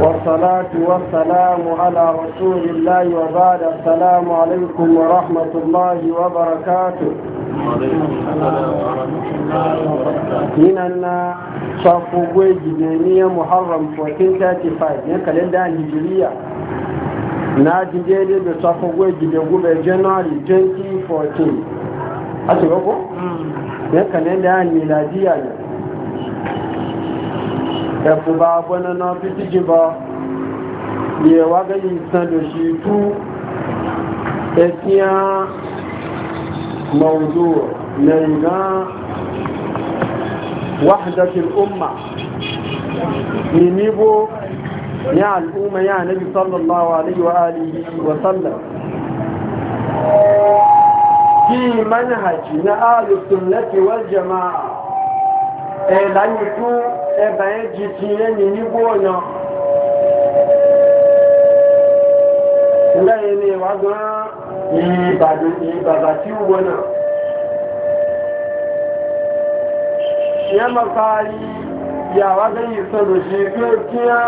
والصلاة والسلام على رسول الله وبعد السلام عليكم ورحمة الله وبركاته من أن شافوا جنية محرم 1435 من كالندا الهجرية ناجي جيدي بشافوا جنية جنوري 2014 أشوفوا من كالندا الميلادية da ku ba bana na fiti ji ba ye wa ga yi san da shi tu etiya mawdu na ga wahdat al umma ni nibo ya al umma ya nabi sallallahu alaihi wa alihi wa sallam في منهج نآل السنة والجماعة إعلان يكون ẹ̀bà yẹn jì ti yẹn ní nígbó ọ̀nà lẹ́yìn ni wà gan ìbàdàn ìbàbà tí ó wọ́n náà yẹn máa fa yàwá gan ìsọ̀rọ̀ sí pé kí á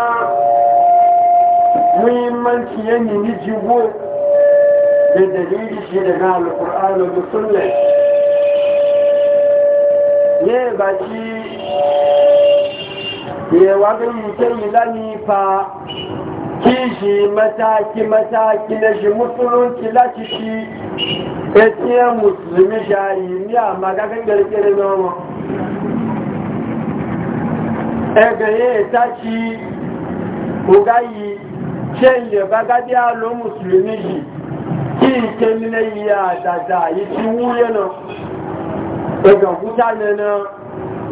muhimmanci yẹn ní ní jígbó da dalili shi daga alƙur'anu da sunna yewa bin mutum lami fa kishi mataki mataki na shi musulunci lati shi etiye musulmi shayi ni a magagan garkere noma egaye ta ci ugayi ṣe yẹ bagadi alo musulmi yi kí ìkẹ́lẹ́ yìí àdàdà yìí ti wúyẹ́ náà ẹgbẹ̀kúta e nẹ́nà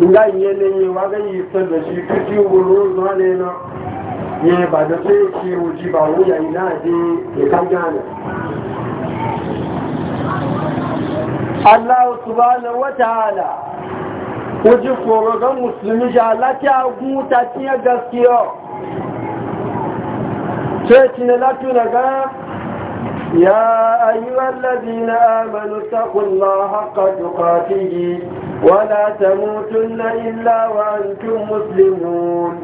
nga yanayi waga yi ta da shi kuji wuro zuwa ne na ya ba da sai ce wuji ba wuya na je ya kan gane Allah subhanahu wa ta'ala wuji koro ga musulmi ja lafiya guta tiya gaskiya sai cin lafiya na ga يا أيها الذين آمنوا اتقوا الله حق تقاته ولا تموتن إلا وأنتم مسلمون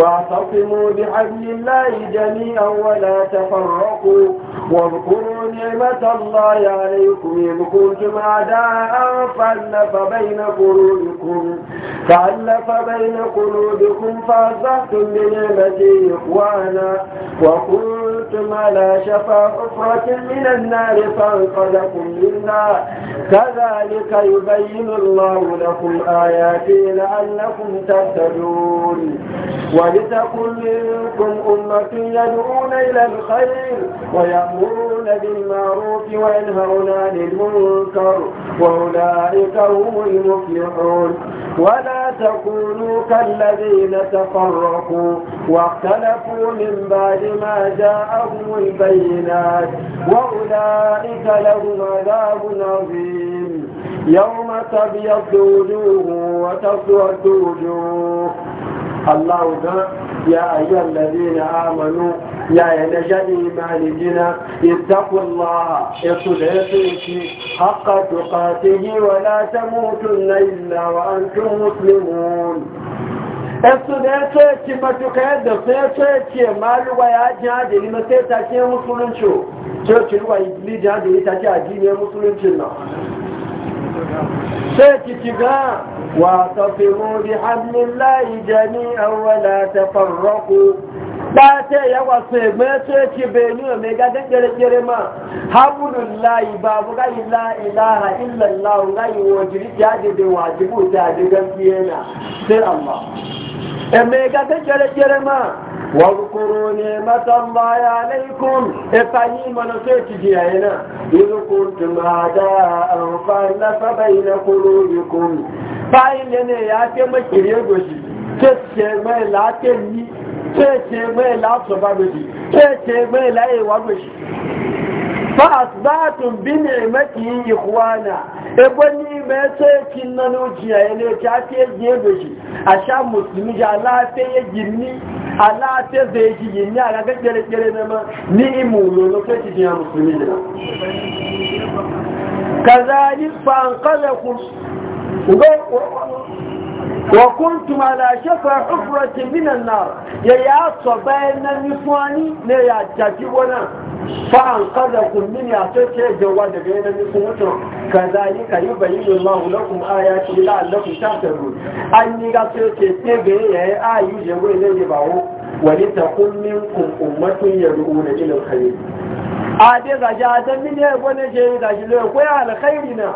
واعتصموا بحبل الله جميعا ولا تفرقوا واذكروا نعمة الله عليكم إن كنتم أعداء فألف بين قلوبكم فألف بين قلوبكم فأصبحتم بنعمته إخوانا وكنتم على شفا حفرة من النار فأنقذكم منا كذلك يبين الله الله لكم آياتي لعلكم تهتدون ولتكن منكم أمة يدعون إلى الخير ويأمرون بالمعروف وينهون عن المنكر وأولئك هم المفلحون ولا تكونوا كالذين تفرقوا واختلفوا من بعد ما جاءهم البينات وأولئك لهم عذاب عظيم يوم تبيض وجوه وتصوت وجوه الله ذا يا أيها الذين آمنوا يا نجد إيمانينا اتقوا الله اصدقوا حق تقاته ولا تموتن إلا وأنتم مسلمون اصدقوا ما تكاد اصدقوا ما رواية جاد لما تتاكي مسلم شو شو شو رواية جاد لما تتاكي مسلم شو شاكتها واعتصموا بحبل الله جميعا ولا تفرقوا ba ce yawa sai mace ce beniyo mai ga dangare kere ma hamdun layi ba mu ga ila ilaha illallah ga yi واذكروا نعمة الله عليكم إفهيم نسيتي هنا إذ كنتم أعداء فألف بين قلوبكم فإن يا كما كريوشي تسمى لا تني تسمى لا صبابشي تسمى لا يوابشي فأصبحتم بنعمته إخوانا ebonyi mai tsoyakin na nujiya ya ne ta fiye jiye da shi a sha musulmi ji alafe ya gini alafe zai ji gini a gaga kere-kere na ma ni imu lolo ta ci jiya musulmi ji na kazali fankala ku ga وكنتم على شفا حفرة من النار يا يا صباينا نفواني يا يا تجيبونا فأنقذكم من يا تشي جواد بين نفوتنا كذلك يبين الله لكم آياته لعلكم تهتدون أني قصيتي تبي يا آي جوين يبعو ولتكن منكم أمة يدعون إلى الخير أدي غجاتا من يبونا جيدا جلوكويا على خيرنا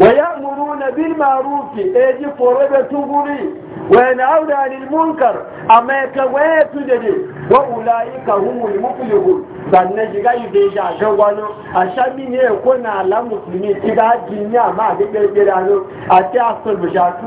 ويأمرون بالمعروف ايدي قربة تبري وينعون عن المنكر اما يكويت جدي وأولئك هم المفلحون فالنجي قاي ديجا جوانو الشامين يكون على مسلمين تبعد جنيا ما بيبيرانو اتي اصل بشاكو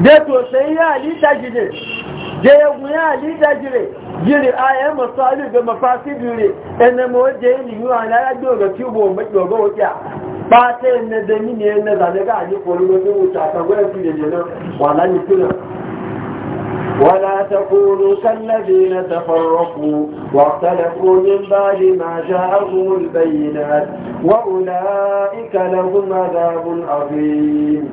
da toshayi ya halitta gire da yagun ya halitta gire gire a yan masu mafasi gire ɗan ma wajen yi liyuwa na ya biyo ga tubo maƙiwa ga wakiya ba ta yin na dami ne na zane ga aji kori wajen wuta ta gwaya fi da jina wala ne tunan ولا تكونوا كالذين تفرقوا واختلفوا من بعد ما جاءهم البينات وأولئك لهم عذاب عظيم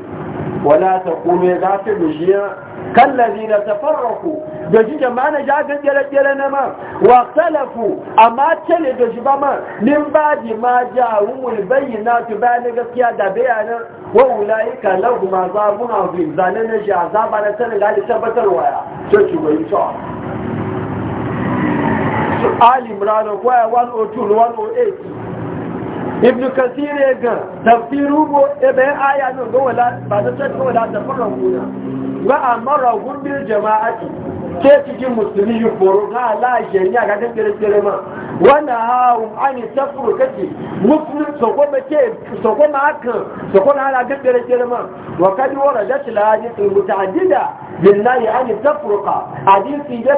ولا تكونوا ذات بجيئة kallazi na tafarraku da shi jama'a na jagan gyare-gyare na ma wa salafu amma cele da shi ba ma min ba ji ma ja wumul bayyana su bayan gaskiya da bayanan wa wulayi ka kuma za mu hafi zane na shi a zaba na sanin gali tabbatar waya ce ci bai ta Ali Imran waya 102 108 ibn kasir ya ga tafsiru ko ebe aya nan ga ba da tsaka kawai da farko na ba a mara gumbin jama'ati ke cikin musulmi yukboro na alashe ya a ta tsere-tsere ma wannan hawun ani ta kake musulmi sokoma ke sokoma hakan sokoma hana gajen tsere-tsere ma wa kadi wara da sun mutu adida lillahi ani ta a ni tafuru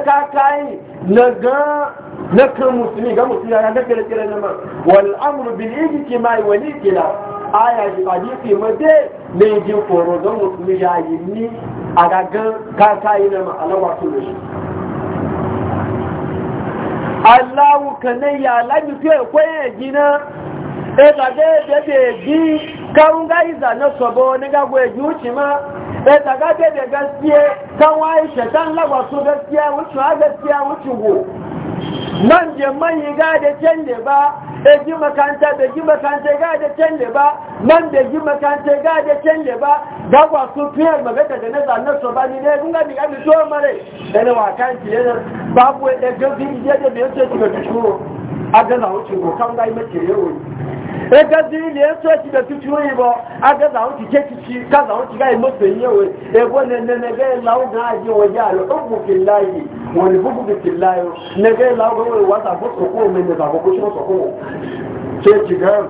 ka kai na ga na kan musulmi ga musulmi ga gajen tsere-tsere ma wal amru bil ijtimai wani kila aya ji hadisi ji koro don musulmi ya a gagan kakayi na ma'alawa su da shi Allahu kanai ya labi fiye kwaye gina ẹgbàgbé ẹgbẹ̀gbẹ̀ jí kárúngá ìzà náà sọ̀bọ̀ onígbàgbò ẹ káwọn àìṣẹ̀tàn man je man yi gada can da ba e ji makanta da ji makanta gada can da ba man da ji makanta gada can da ba ga kwa su fiyar magata da na zanen su ba ni ne kun ga mi gami so mare da na wakan ki yana babu da gafi je da bai so ki ga tushuro a ga zawo ki ko kan ga yi mace yawo e ga zi ne so ki da tushuro yi ba a ga zawo ki ke ki ka zawo ki ga mace yawo e go ne ne ne ga lawo ga ji wa jalo ubu billahi wal hubu billahi ne ga láwọn ìwà tàbí sọ̀kún òmìnira àkókò ṣọ́sọ̀kún ṣe jìgán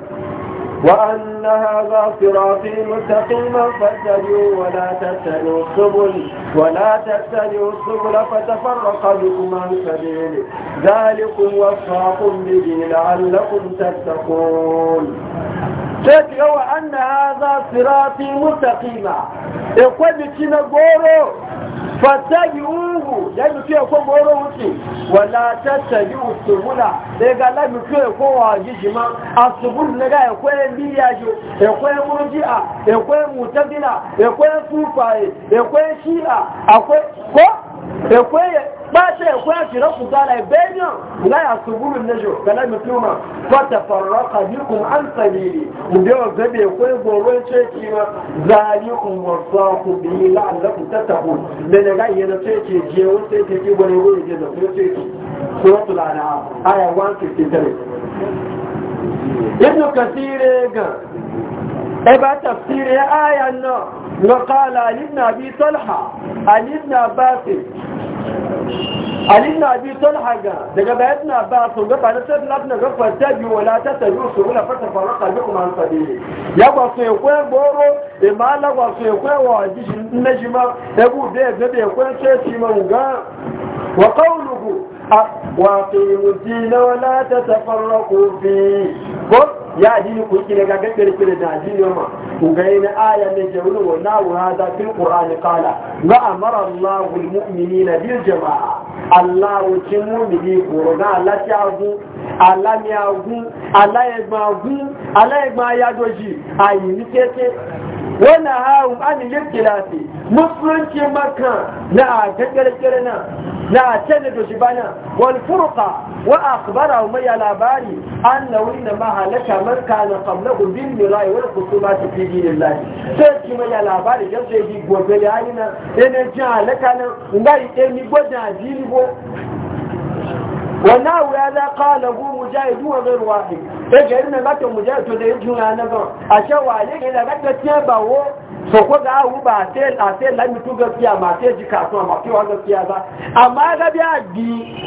وأن هذا صراطي مستقيما فاتبعوا ولا تتبعوا السبل ولا تتبعوا السبل فتفرق بكم عن سبيله ذلكم وصاكم به لعلكم تتقون sai yawa an na haza sirati mustaqima e kwabi ci na goro fatabi uhu ya mutu ya kwa goro wuce wala tattabi usubula da ga la mutu ya kowa wa jijima na ga ya kwa ekwe biyajo ekwe murji'a ekwe mutazila ekwe sufaye ekwe shi'a akwai ko ekwe bata ekwe shirar ku zala benyo la ya subulun najo kana mutuma fa tafarraqa bikum an sabili ndio zabe ekwe goron ceki ma zalikum wasaqu bi la'allakum tattaqun da daga yana ceki je wata ceki gore gore je da ceki suratul an'am aya 153 ibn kasire ga ba tafsiri ayan nan wa qala ali ibn abi talha ali ibn abbas ali ibn abi talha ga daga bayan ibn abbas ga ba na sai lafna ga fata bi wala ta tabu su wala fata farqa bikum an sabili ya ba su ekwe boro e ma la ba su kwa wa ji najima e bu be be ekwe sai ci mun ga wa qawluhu واقيموا الدين ولا تتفرقوا فيه ya dini ku kire ga ga kire kire da dini ma ku ga ina aya ne jawlu wa na wa hada fil qur'ani qala wa amara Allahu al mu'minina bil jamaa Allah wa tin mu'mini ko ga Allah ti agu Allah mi agu Allah ya ni wannan haru an lifti lafi musulunci makan na a gangarkere nan na a can da doshi bana wani furuka wa a kubara wa mai labari an na wuri na mahalaka marka na kamna gubin mirai wani kusuma ta fi dinin lafi sai ki mai labari don sai yi gobe da hali na yanayin jin halaka nan nga yi ɗaya e ni gwajin ajiyar ko wannan wuri ya za kawo lagu mujahid wa zai ruwa ẹgbẹ̀rún mẹ́bá tó da jẹ́ tó lè jù rán náà a ayéyìn lẹ́gbẹ̀ẹ́ tí ẹ bà wó sọ̀kọ́ gáàwú bà àtẹ́ lámìtú gẹ́fì àmà àtẹ́ jì kàtún àmà kí wọ́n gẹ́fì da àmà agábí àgbì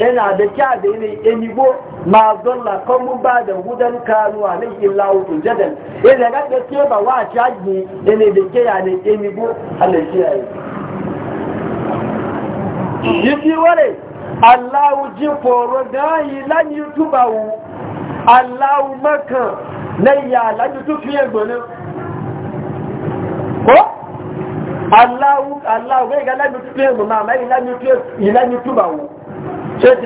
ẹnà àbẹ̀kí àbẹ̀ ilẹ̀ ẹnigbó máa dọ́là kọ́mú bá a wúdẹ́n kánú àlẹ́ ìlà òtún jẹ́dẹ̀n ilẹ̀ lẹ́gbẹ̀ẹ́ tí a bà wá àti àgbì ẹnà ìbẹ̀kẹ́ àlẹ́ ẹnigbó alẹ́ sí ẹ̀ yìí fi wọ́lẹ̀ aláwùjí fọ̀rọ̀ gáàyì láyé túbà wù aláwùmọ́ kan lẹ́yìn alájú tó fi kó aláwùmọ́ ìgbà lájú tó fi ẹ̀gbọ́n máa ṣe é ti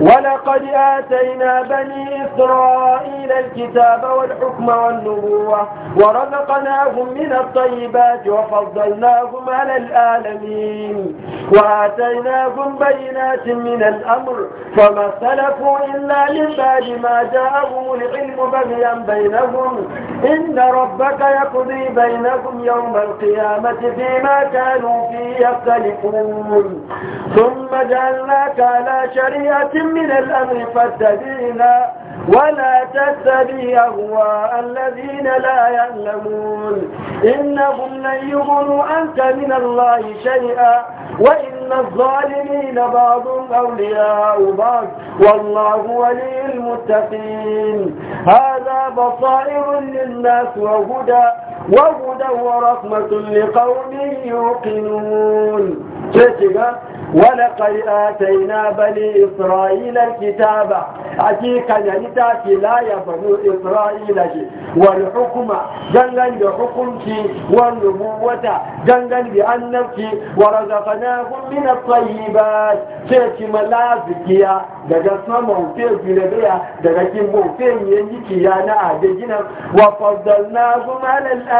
ولقد آتينا بني إسرائيل الكتاب والحكم والنبوة ورزقناهم من الطيبات وفضلناهم على العالمين وآتيناهم بينات من الأمر فما اختلفوا إلا لبعد ما جاءهم العلم بغيا بينهم إن ربك يقضي بينهم يوم القيامة فيما كانوا فيه يختلفون ثم جعلناك على شريعة من الأمر فاتبعنا ولا تتبع أهواء الذين لا يعلمون إنهم لن يغنوا أنت من الله شيئا وإن الظالمين بعضهم أولياء بعض والله ولي المتقين هذا بصائر للناس وهدى وهدى ورحمة لقوم يوقنون شكرا ولقد آتينا بني إسرائيل الكتاب حقيقة نتاك لا يبنو إسرائيل والحكمة جنجا بحكمك والنبوة جنجا بأنك ورزقناهم من الطيبات شكرا ملازكيا daga sama wufe gulabiya daga kimbo wufe yanki yana a dajinan wa faddalna kuma lalata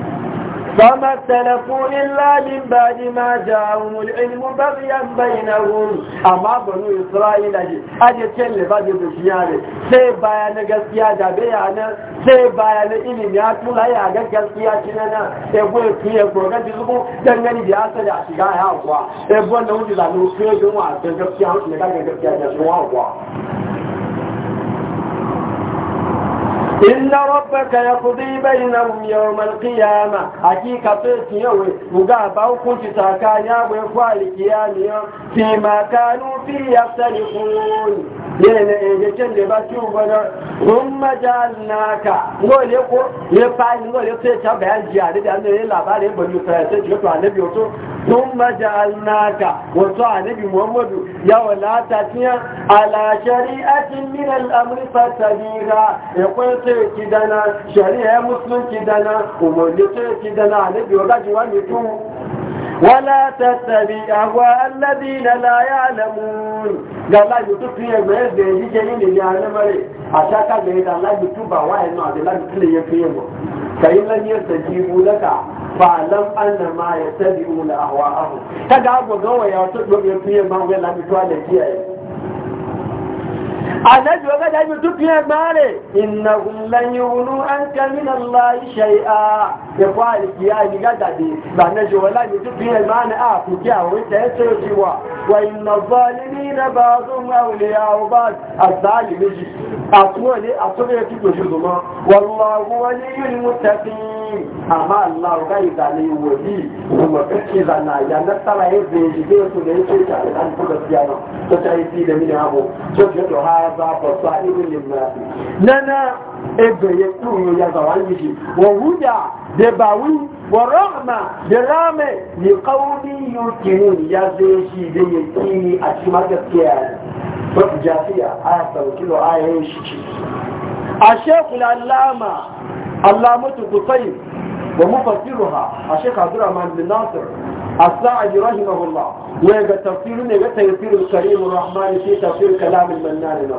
فما اختلفوا إلا من بعد ما جاءهم العلم بغيا بينهم أما بنو إسرائيل أجي تشل بادي بشياني سي بايانا قسيا جابيانا سي بايانا إلي مياتو لا يعجل قسيا شنانا يقول كي يقول قد يزبو دنغني دي أسل يعشقا يا أخوا يقول نوجد أنه كي يجمع قسيا وشنكا قسيا يجمع أخوا إن ربك يقضي بينهم يوم القيامة حقيقة تسيوي مقابا وكنت تاكايا وفالي قيامي فيما كانوا فيه يختلفون yana ejejen da ba ci ubana umma jannaka ngole ko ne fa ngole sai ta bayan jiya da an ne labari ba ni fa sai ji to annabi to umma jannaka wa to annabi muhammadu ya wala ta tiya ala shari'atin min al-amr fa tabira e ya kidana shari'a musulunci dana ولا تتبع أهواء الذين لا يعلمون قال لا يتبع يميز بيجي جنين اللي يعلم عليه أشاكا بيجي لا يتبع واحد ما لا يتبع يفهمه فإن لن يستجيب لك فعلم أن ما يتبعون أهواءهم تقعد وقوة يا تبع يفهمه ولا متوالي فيه annabi wa gada bi duk ya mare innahum lan yughnu anka min allahi shay'a ya kwali ya ni gada bi ba na jo wala bi duk ya mane a ku kya wai ta yace cewa wa inna zalimina ba'dhum awliya'u ba'd az-zalimi atuwa ne atuwa ya tuko shi zuma wallahu waliyul muttaqin amma allah ga izali wali kuma kace zana ya na tsara yaje ji ko da yake ta dan ku da siyana to ta yi da mini abu to ke to هذا بصائر للناس ننا ابيت نور يا زوالي وهدى دباوي ورحمة دلامة لقوم يركنون يا زيشي دي يكيني أشمك السيارة وتجاسية آية توكيل آية الشيخ العلامة علامة قصير ومفسرها الشيخ عبد الرحمن بن ناصر الساعدي رحمه الله ويجا تفسير نيجا تفسير الكريم الرحمن في تفسير كلام المنان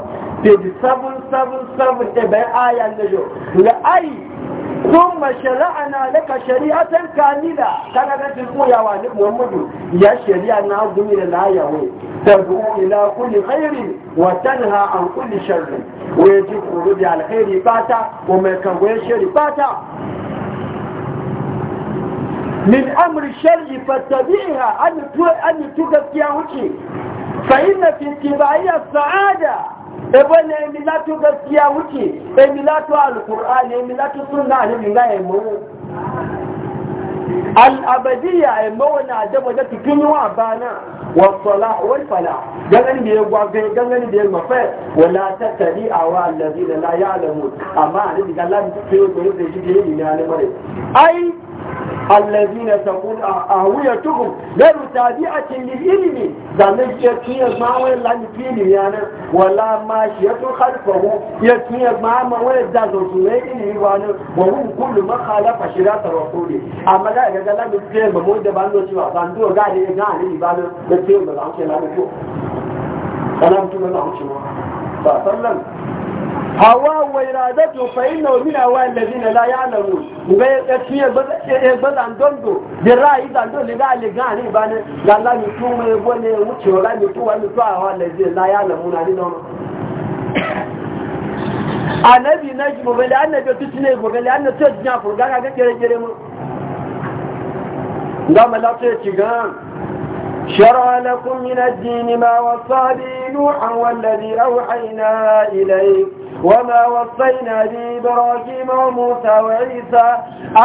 في سبل تبع آية النجو لأي ثم شرعنا لك شريعة كاملة كان قد يقول يا والد محمد يا شريعة نعظم إلى الآية تدعو إلى كل خير وتنهى عن كل شر ويجب خروج على الخير باتا وما كان شر باتا min amri sharri fattabi'ha an tu an tu gaskiya wuce fa inna fi tibaiya sa'ada E ebe la emilatu gaskiya wuce emilatu alqur'ani e emilatu sunna ne min ga yemo al'abadiyya yamma wani adaba da cikin wa bana wa sala wa fala gangan da ya e gwaga gangan da ya mafa wala ta tari a wa allazi da la ya alamu amma a ne diga lafi ta yi gwani da shi da yi ne alamare ai الذين تقول أهويتهم غير تابعة للعلم ذلك يتنيز ما وين لا نفيل يعني ولا ماشية خلفه يتنيز ما ما وين دازو سنين يعني وهم كل ما خالف شراط الرسول أما لا يقول لك نفيل بمود بانو سوا بانو غالي غالي بانو نفيل بانو نفيل بانو نفيل بانو نفيل بانو نفيل بانو hawa wa iradatu fa inna min hawa alladhina la ya'lamun ga yaci bazan dondo da ra'ayi da dondo da ali gani bane da Allah mi tu mai bone wuce ra mi tu wa mi tu hawa alladhina la ya'lamun ani don annabi najmu bai annabi tu tine go bai annabi tu jinya ga kere kere mu ga malaka ya ci gan شرع لكم من الدين ما وصى به نوحا والذي أوحينا إليك وما وصينا به إبراهيم وموسى وعيسى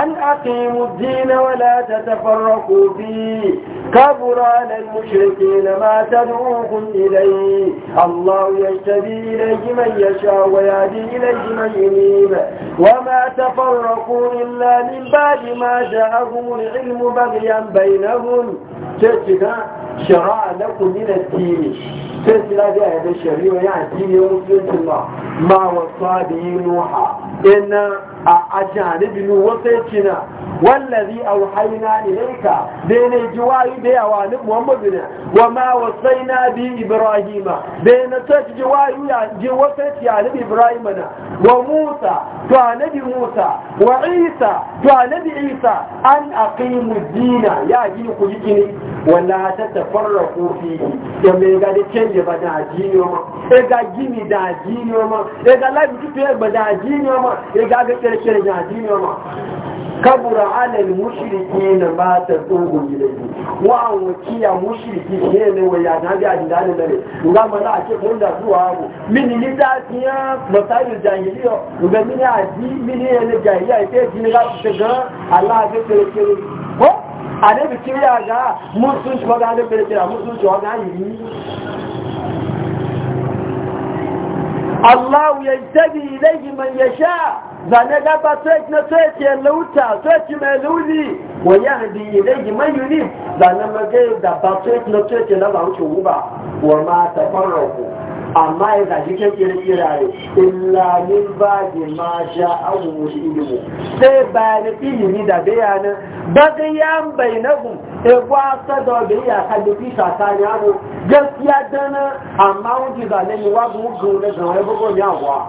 أن أقيموا الدين ولا تتفرقوا فيه كبر على المشركين ما تدعوهم إليه الله يجتبي إليه من يشاء ويهدي إليه من ينيب وما تفرقوا إلا من بعد ما جاءهم العلم بغيا بينهم شرع لكم من الدين تتكا بها الشريع يعني الدين يوم الله ما وصادي نوحا إن wasu a janibin wasaikina wallazi auhayna ilayka bene jiwayi da yawa ni muhammadu ne wa ma wasaina bi ibrahima bene ta jiwayi ya ji wasu ya ni ibrahima na wa musa to a anabi musa wa isa to a anabi isa an aqimu dina ya ji ku yi ne wala ta tafarraqu fi ya me ga da canje ba da ajini ma e ga gini da ajini ma e ga labi tutu e ba da ajini ma e ga ga ce ga dini ma kabura alal mushriki na ba ta tsogon gidaje wa an wakiya mushriki ne ne wa ya na biya dinda ne dare ga ma za a ce kun da zuwa abu min ni da tiya masail jahiliyo ga min ya ji min ne ne jahiliya ke Allah ga ke ke ko anabi kiriya ga musun shi ga ne ke Allah ya tabi ilaihi man ya sha zane gaba sai na sai ke lauta sai ki mai luli wa yahdi ilaihi man yuni zane magai da ba sai na sai ke na lauce uba wa ma tafarraku amma ya zaji ke kire kirare illa min ba ji ma sha abu ilmu sai bayanin ilimi da bayanin bayan bainahum ewa ta da obin ya ka da fisa ta ne abu gaskiya dana amma wuce da ne wa bu gugu da ga wani bugu ya wa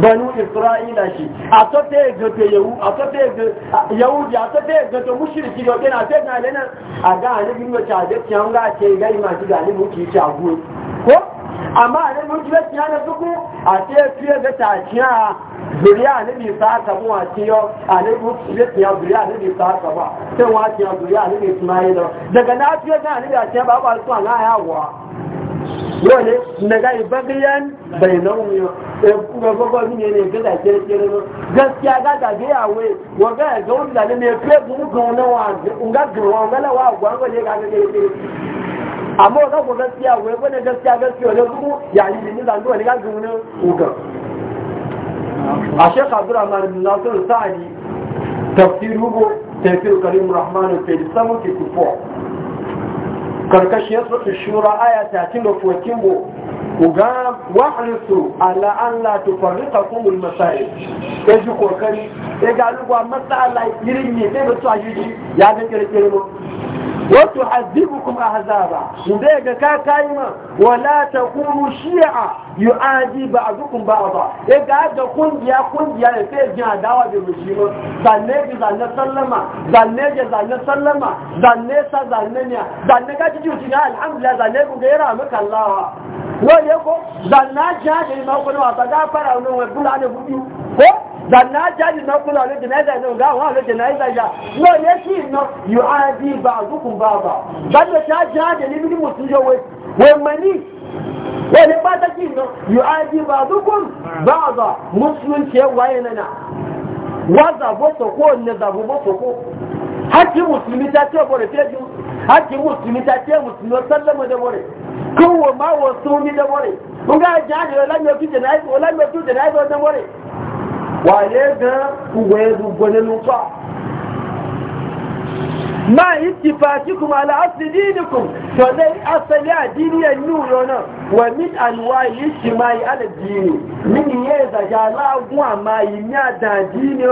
banu isra'ila shi a to te ga te yahu a to te ga yahudi a to te ga to mushriki da kana te na lena a ga ne bin wata da kyan ga ce ga ma ci ga ne mu ci ta ko amma a nan mutulat ya na suku a ce fiye da tashiya zuriya ne bi sa ka a ce yau a nan mutulat ya zuriya ne bi sa ka ba sai wa ce zuriya ne bi ismail daga na fiye da ne da ce ba ba su ana yawa yau ne daga ibadiyan bai nauyi e eh, kuma gogo ne ne ga da kire kire gaskiya ga da ga yawe wa ga ga wanda ne ne fe mu ga wa ga ga wa ga la wa ga amma wannan ko gaskiya wai bane gaskiya gaskiya ne kuma ya yi ni zan duwa ne ga gumuna uga a shekh abdurrahman bin nasir sa'adi tafsir hugo tafsir karim rahman page 74 karkashin sura shura aya 34 bo uga wahrisu ala an la tufarriqakum al masail kaji kokari ya ga lugwa masala irin ne sai da su ajiji ya ga kirkire mu wato kuma azibukum ahzaba inda ga kaka yi ma wala takunu shi'a yu'adi ba'dukum ba ya ga ga kungiya kungiya ne sai jin dawa da mushiro zanne ji zanne sallama zanne ji zanne sallama zanne sa zanne ne zanne ka ji ji ga alhamdulillah zanne ku ga yara maka Allah wa ko zanna ja da ma ko wa ta ga fara wannan wa bulane budu ko zanna jaji na kula lo janaza no ga wa lo janaza ja no ne shi no yuadi ba'dukum baba zanna ta jaji ni bi mutun jo we we mani we ne ba ta kin no yuadi ba'dukum baba muslim ce waye nana waza boso ko ne da bo ko hakki muslimi ta ce bore feju hakki muslimi ta ce muslimi sallama da bore kowa ma wasu ni da bore kun ga jaji la me tu janaza la me tu janaza da bore waye ga kuwaye gwanin nufa ma yi tifaki kuma al'asli dinikum to dai asali a diniyar nuyo nan wa min alwayi shi ma yi ala dini min yi zaga a ma yi ni a da dini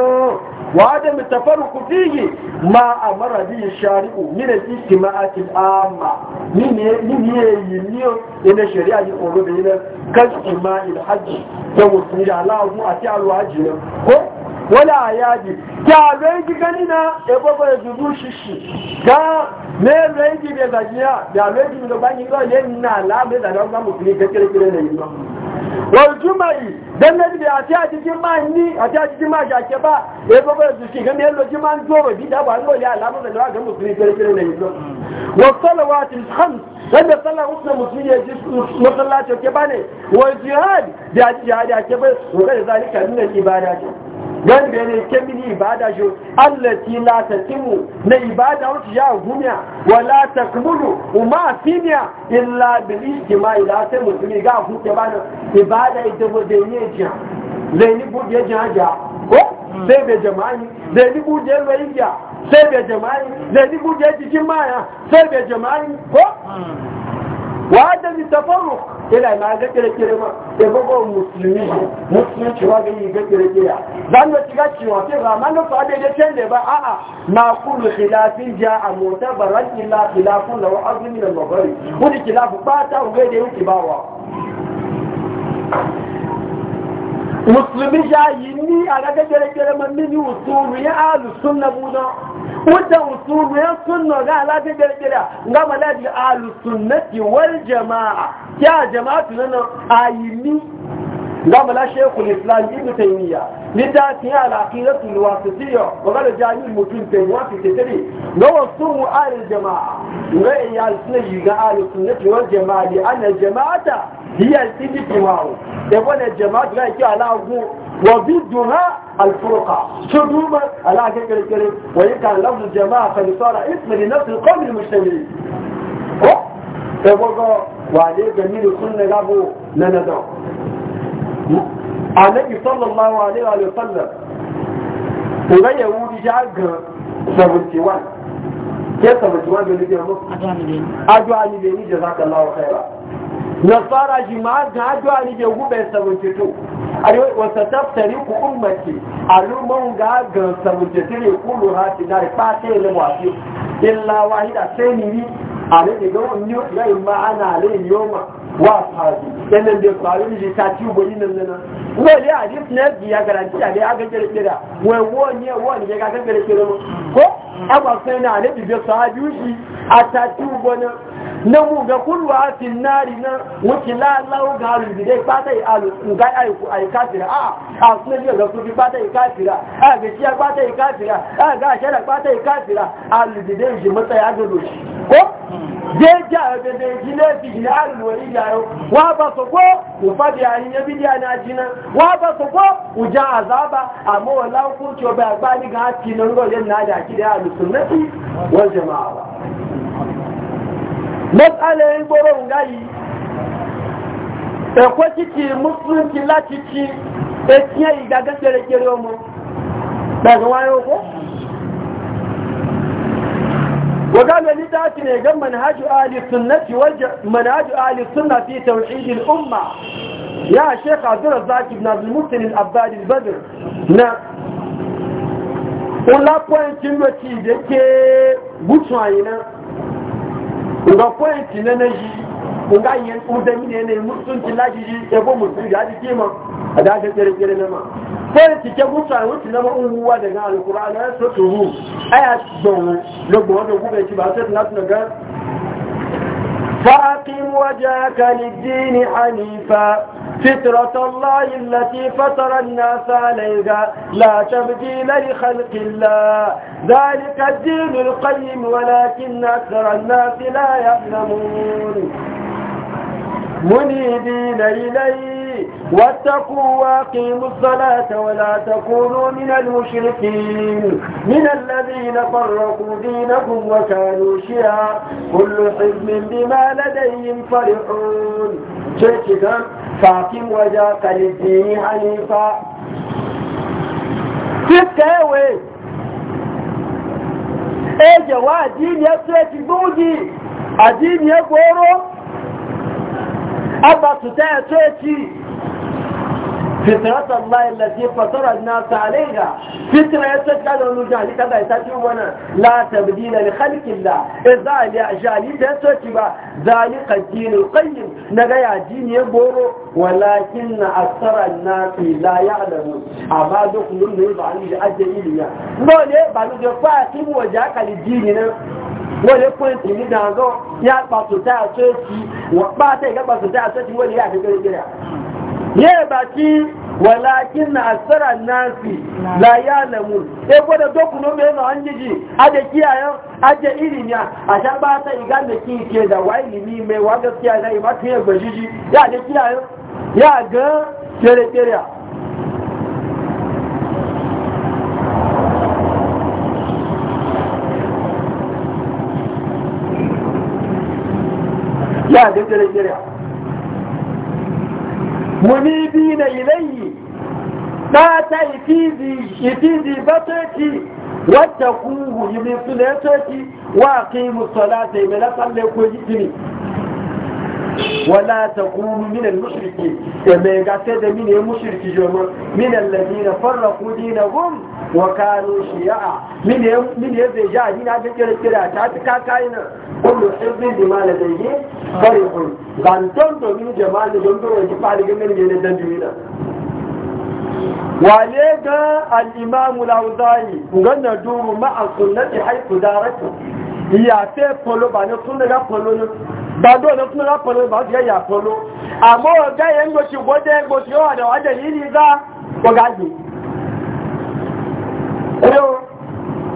وعدم التفرق فيه ما أمر به الشارع من الاجتماعات العامة من يميو إن الشريعة يقولون بينا كاجتماع الحج يوصل على الله أتي على الواجب wala yaji ya reji ganina ebo ba dubu shishi ga ne reji be zajiya ya reji do bani go le na la da ga mu ni ta kire kire ne yimo wal jumai dan ne bi ati ati ti ma ni ati ati ti ma ja ba ebo ba dubu ga ne lo ji man ba lo ya la da ga mu ni kire kire ne yimo wa salawatil khams da sallah usna musulmi ya ji ke ba ne jihad da jihad ba wa zalika min ibada ganda ne mini ibada jo allati la timu na ibada wata ya gumiya wala takmulu umma finiya illa bil ijtima ila ta musulmi ga ku ke bana ibada ita bo da ne jiya zai ni bu je jaja ko sai be jama'i zai ni bu je rayya sai be jama'i zai ni bu je ma maya sai be jama'i ko hmm. wa da tafarruq yana na ga kere-kere ma da gogo musulmi musulmi cewa ga yi ga kere-kere zan da shiga cewa ce ba man nufa da ya ce ba a ma kullu khilafin ja a mota baran illa khilafun lawa azumi da magari wani khilafu ba ta uge da yake bawa musulmi ja yi ni a ga kere-kere ma mini usuru ya alu sunna budan wuta usulu ya sunna ga alafi gargira ga malaji alu sunnati wal jama'a ya jama'atu nan ayini ga mala shekul islam ibn taymiya littafin al-aqidatu al-wasitiyya wa qala jami'ul mutun tayyiwa fi tadri ga wasu al jama'a ga ya sunna ga alu sunnati wal jama'a li anna jama'ata هي التي تواو يقول الجماعة لا يجي على أبو وضدها الفرقة شدوما على كل الكريم وإن كان لفظ الجماعة فلصار اسم لنفس القوم المجتمعين يقول وعليه جميل كل لابو لندعو النبي صلى الله عليه وسلم ولا يهودي جاء 71 كيف 71 بيقول لك أجواني بيني جزاك الله خيرا nasara shi ma ta hajjuwa ni ke gube 72 wata taftari ku ummace alumman ga ga 73 kulu hati na fata yi wasu illa wahida sai ni ni a ne daga wani yau ma'ana alayhi yoma wa fadi sannan da faru ji ta ci goyi nan nan ko dai hadis ne bi ya garanti da ya ga gare kira wai wo ne wo ne ga ga gare kira ko amma sai na ne bi sahabi shi a ta ci goyi na mu ga kulwa fi nari na wuce la lau ga harin bide fata yi alu ga ai kafira a a suna jiya ga kufi fata yi kafira a ga ciya fata yi kafira a ga shara fata yi kafira alu bide shi matsaya ga doshi ko je ja ga da ji ne fi ne alu wani ya yau wa ba su ko ku fadi yayin ya na jina wa ba su ko ku ja azaba amma wala ku ce ba ba ni ga haki nan ga yan na da kida al sunnati wal jamaa ba mas'ala yin goro ngai e ko kiki musulunci la kiki e tiya igaga kere kere mo daga wayo ko وقال لذاتنا يجب منهاج أهل السنة منهاج أهل السنة في توحيد الأمة يا شيخ عبد الرزاق بن عبد المحسن الأبداد البدر نعم ولا بوينت نوتي ذكي بوتواينا ولا بوينت ننجي ko ga yin kuda mine ne mutunci lajiji ya go mutu ya ji kima a da ga kere kere na ma sai ti ke mutunci wuce na unguwa daga alqur'ani ya so tuhu aya don lobo da ku ga ci ba sai na tuna ga فأقم وجهك للدين حنيفا فطرة الله التي فطر الناس عليها لا تبديل لخلق الله ذلك الدين القيم ولكن أكثر الناس لا يعلمون منيبين إليه واتقوا واقيموا الصلاة ولا تكونوا من المشركين من الذين فرقوا دينهم وكانوا شيعا كل حزب بما لديهم فرحون شكرا فاقم وجاك للدين حنيفا تتاوي ايه اجا دين يا سيدي بودي ادين يا بورو أبا تتايا تأتي فترة الله التي فطر الناس عليها فترة يتكاد ونجعل كذا يتاتي لا تبديل لخلق الله إذا لأجالي تأتي ذلك الدين القيم نغيا الدين يبور ولكن أكثر الناس لا يعلمون أما دخلوا نيض عن الأجل إليا نولي بانو جفاكم وجاك لديننا wọ́n lè pín ìtì ní dàngọ́ ní apàtòtà àtúntì wọ́n pàtẹ́ ìgbàpàtòtà àtúntì wọ́n lè yà kékeré kékeré walakin na asara nasi la ya e kiyayen aje a da ke da mai ya ga kere kere منيبين إلي باتا يتيذي باتاكي واتقوه يمين صلاتاكي واقيموا الصلاة يمين صليكوا يتني ولا تقوم من المشركين يمين قاسد من المشركين من الذين فرقوا دينهم wa kanu shi'a min ya zai ja dina ta kira kira ta ta kakayi na kullu hizbin lima da zai yi farihun zanton domin jama'a da don doron ki fara gamin ne na dandu na wale ga al'imamu lauzani ganna duru ma'a sunnati haiku daratu ya fe polo ba ne sun daga polo ne ba do ne sun daga polo ba su amma yin da wajen yi riga gaji yau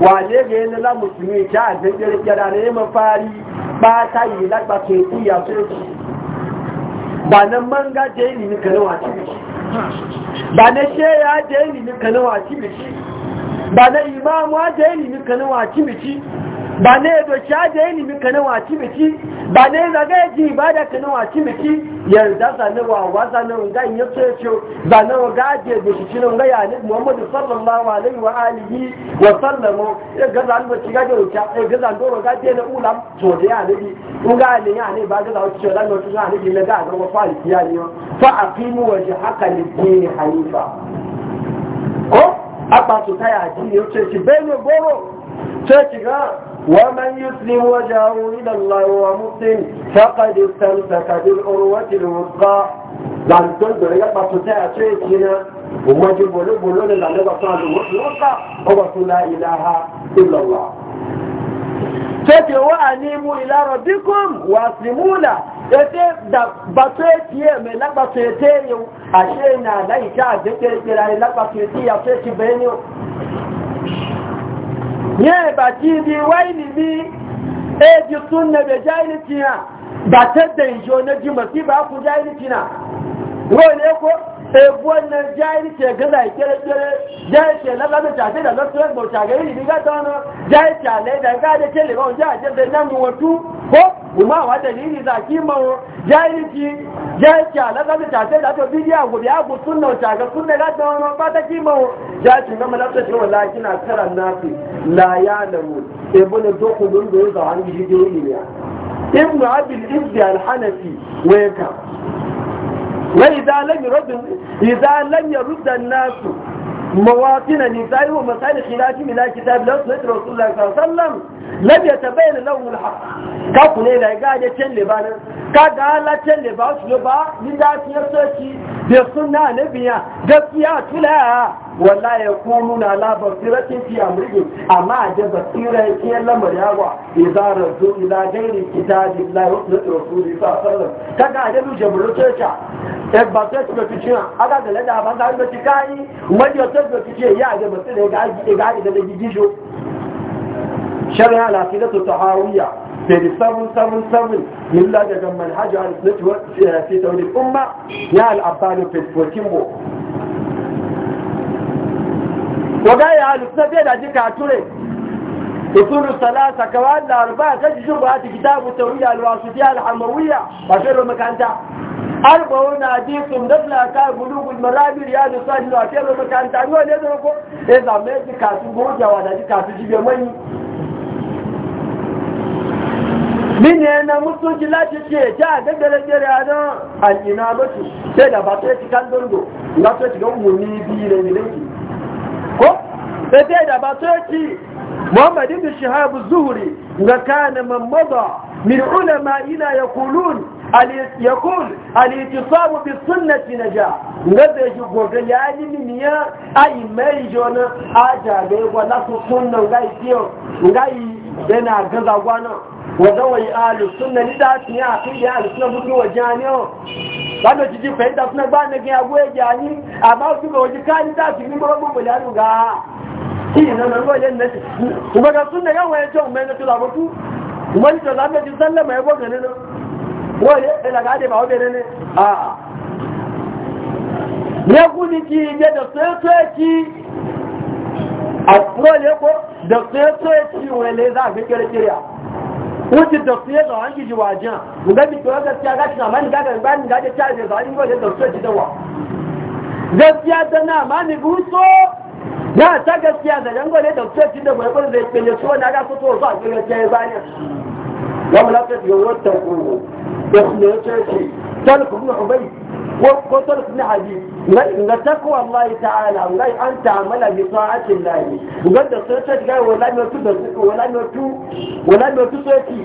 wàlẹ́ yẹn ní lámùsùlùmí ìjà àgbẹ̀gbẹ̀rẹ̀ jẹ́ra Ba na fárí pátá yìí lágbàtọ̀ èkú ìyàtọ̀ èkú Ba na jẹ́ ìlìní kanáwà tìbìkì bàná ṣẹ́yà jẹ́ Ba na tìbìkì bàná ìmáàmù jẹ́ ìlìní kanáwà tìbìkì ba ne ya doci ajiye ilimin ka na waci miki ba ne ya zaga ji ibada ka na waci miki yarda zane wa wa zane wa ga iya so ya ce zane wa ga ajiye da shi cinan ga yani muhammadu sallallahu alaihi wa alihi wa sallamu ya e ga zane wa ci gaje wuta ya ga e zane wa ga ajiye na ulam to da ya nabi in ga alin ya ne ba ga zane wa ci zane wa ci zane wa na ga a zama fa alkiya ne fa aqimu wa ji haka hanifa ko a ba su taya ajiye ya ce shi bai ne goro ce ci ga ومن يسلم وجهه إلى الله وهو محسن فقد استمسك بالعروة الوثقى لأن تقول لك بطتاء شيئنا ومجب ولبلون لأن بطتاء الوثقى وبطل لا إله إلا الله Sọ́tẹ̀ wọ́n à ní mú ìlàrọ̀ bí kún wà sí múlà, ẹ̀tẹ́ bàtọ́ ẹ̀tì ẹ̀mẹ̀ lápàtọ̀ ẹ̀tẹ́ yìí, àṣẹ́ ìnà àdáyìká àjẹ́kẹ́ ìpẹ̀lẹ̀ lápàtọ̀ ẹ̀tì àfẹ́ ti bẹ́ẹ̀ ni yẹ́ bàtí ibi wáìlì ní èdè tún nẹ̀bẹ̀ jáìlìtì náà bàtẹ́ dẹ̀yìn onéjì mọ̀ sí bá kú jáìlìtì náà wọ́n lè kó ebuwa na jáìlìtì ẹ̀gẹ́dà ìkẹ́rẹ́kẹ́rẹ́ jáìlìtì ẹ̀lẹ́gbẹ̀mẹ̀tì àti ìdàlọ́tún ẹgbẹ̀ọ̀tàgẹ́rẹ́ ìdígbàtọ́ ọ̀nà jáìlìtì àlẹ́ ìdàgbàdẹ́kẹ́lẹ̀ kuma wa dalili za ki mawo jahilci jahilci alaƙa da tafe da ta a gobe ya ku sunna wata ga sunna ga ta wani ba ta ki mawo jahilci na malafta shi wala kina na nafi la ya lamu ibn e dokulun da ya zawa an gidi ne ya ibn abil ibn al-hanafi wayka wa idza lam yurad idza lam yurad an-nas مواطن da ومسائل خلاف من كتاب الله رسول الله صلى الله عليه وسلم lam ya tabayyana lahu al-haq ka kune da ga da can libanin ka ga la can liba su ba ni da su ya soki da sunna nabiya gaskiya tula wala ya kunu na la basiratin fi amri amma da basira yake lamar yawa idza razu ila gairi kitabillahi wa rasulihi sallallahu alaihi wasallam ka ga da jabru ta tabbatar da kici aga da lada ban da kici kai wanda ya tabbata kici ya ga mutum da ga ga da gidijo شرح العقيدة الطحاوية في 777 من لا جمع الحاجة على السنة في توليد الأمة يا الأبطال في الفوتيمو وقال يا السنة بيدا جيكا أتولي أصول الثلاثة كوان الأربعة تجي هذا كتاب التوحيد الواسطية الحموية وشير المكان ده أربعون حديث دخل أتى بلوغ المرابي رياض الصالح وشير المكان ده هو ليه إذا ميزي يجي كاسو بوجه ولا يجي كاسو جيبه مني mine na mutunci lati ce ta gaggare gare a nan al'ina batu sai da ba ta yi kan dongo na ta cikin umarni biyu da ne ko sai ta da ba ta yi muhammad ibn shihab zuhri ga kana man maza min ulama ina yaqulun yaqul al-ittisab bi sunnati naja ngada shi goga ya ni miya ai mai jona aja be wala sunna ngai tiyo ngai yana gaza gwana wazawai alu ni da su ne a ya alu suna wa jami'o ba da jiji fahimta suna ba na gaya goya jani amma su ga waje kayan da su nima rabu ba lalu ga shi na nan goye na kuma ga sunna yawa ya ce umar tula mutu umar ta zama ji sallama ya boga nan wani ya daga ade ba ne a ya gudu ki ne da sai ki a kuma ne ko da sai ki wani ne za a fi kere a? wuce da su ya zawon giji wajen mu ga biki wa gashi na mani gaga ba ni gaje ta da zawon giji da su ji dawa gaskiya da na mani guso na ta gaskiya da jango ne da su ji da wani gurin zai kele su wani aga fito zuwa gina ya zaniya. Wani lafiya da yawon ta da su ya ce talk ibn ubay ko talk ibn hadi na takwa allah ta'ala ngai an ta'amala bi ta'ati allah ga da so ta ga wala mi tu da su wala mi tu wala mi tu so ki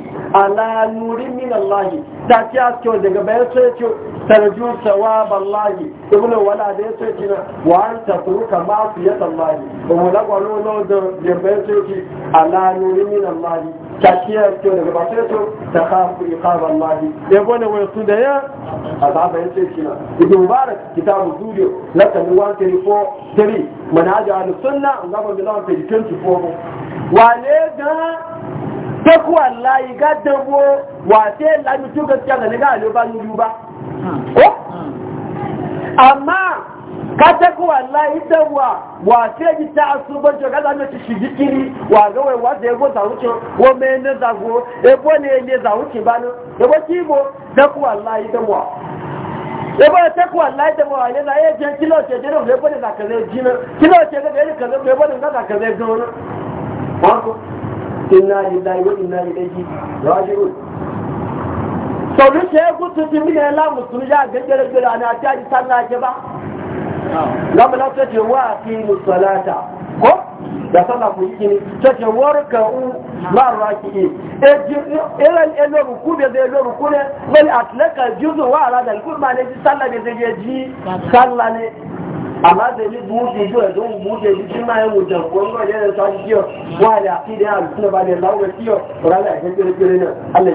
min allah ta ci as daga bayan so ya ci tarju sawab allah ibn wala da so na wa an takruka ma'siyat allah ko wala ko no da bayan so ki ala nuri min allah kakiyar kyau daga bakin su ta kafu iqabar mahi ya gwada wai su da ya azaba ya ce shi na ibn mubarak kitabu zuriyo na kan 134 manhaji al-sunna zaba bi lawan page 24 wale ga takwa layi ga dabo wa sai lami tu gaskiya ga ne ga alo ba ni ba ko amma kata ko wallahi dawa wa ce ji ta asuban to kaza ne shi jikiri wa ga wai wa da yego zawuce wa me ne zago e bo ne ne zawuce ba no e bo ki bo da ko wallahi dawa e bo ta ko wallahi dawa ne da ya je kilo ce je no le bo ne zaka ne jina kilo ce ga ne kaza ne bo ne zaka kaze ga no wa ko inna lillahi wa inna ilaihi raji'un sau da shi ya gutu jimina ya lamu sun ya gaggara gira na ta ji sallah ke ba gaba na tace wa fi musalata ko da sallah ku yi ne tace warka u ma raki e elo be zai lo ruku ne bal atlaka juzu wa ala dal kun ma ji sallah be zai ji sallah ne amma da ni bu ji bu ji ma ko ngo sa ji wa ki al ba lawo ki yo ora la ke ke ne Allah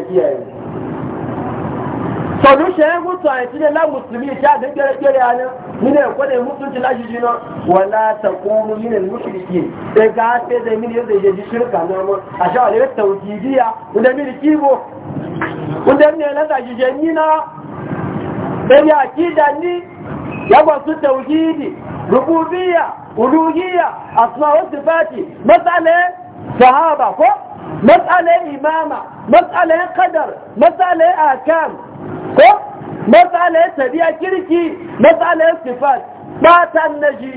solution ya mutu a cikin la musulmi ta da gare gare yana mine ko da mutunci la shi jina wala takunu min al mushrikin ga sai da mine yadda ya ji shirka na mu a sha wala tawhidiya inda mine kibo inda mine la da ji janina sai ya akida ni ya ba su tawhidi rububiyya uluhiyya asma wa sifati masala sahaba ko imama masala kadar, masala akam ko matsalar tabiya kirki matsalar sifat batan naji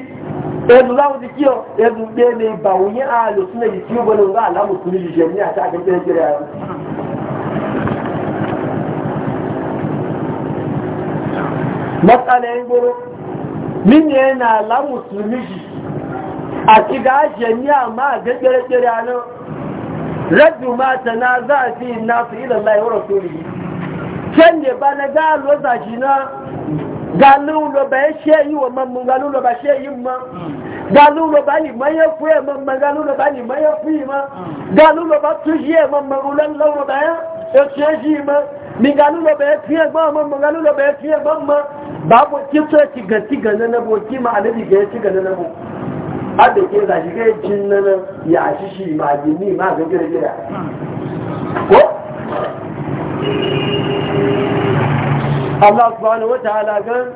yanzu za mu ji kiyo yanzu ɗaya ne ba wuyi a lusu na jiki ba ne za a lamu su ji jami a ta kan kira yau matsala yin goro min ne na lamu su ji a kiga jami a ma a gaggare kira nan rajuma ta na za a fi nasu ilan lai wa rasulihi kyan ne ba na galo zaji na galun lo ba ya ṣe yi wa mamman galun lo ba ṣe yi e ma galun lo ba ni e maye fi ya mamman galun lo ba ni maye fi ma galun lo ba tun ṣe mamman rulan lauwa ba ya ṣe ṣe ma ni galun lo ba ya fi ya gbọ́n mamman galun lo ba ya fi ya ba bo ki so ya e ci ganti gana na bo ki ma alabi ga ya ci gana na bo a da ke zaji ga jin na na ya shi shi ma ni ma ga gina gina ko الله سبحانه وتعالى قال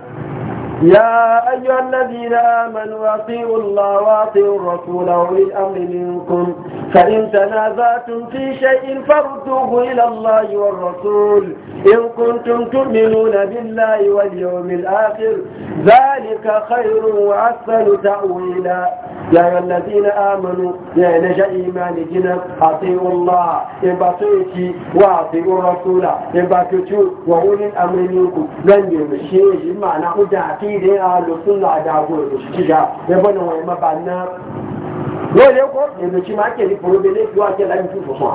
يا أيها الذين آمنوا أطيعوا الله وأطيعوا الرسول وأولي الأمر منكم فإن تنازعتم في شيء فردوه إلى الله والرسول إن كنتم تؤمنون بالله واليوم الآخر ذلك خير وأحسن تأويلا يا أيها الذين آمنوا يا نجا إيمان جنا أطيعوا الله إباتوكي وأطيعوا الرسول إباتوكي وأولي الأمر منكم لن يمشي معنى أدى عقيدة أهل السنة أدى أقول مشكلة يبنى ويما بنا dole ko yanzu shi ma ake ni furubele fi wa ke lan tu fa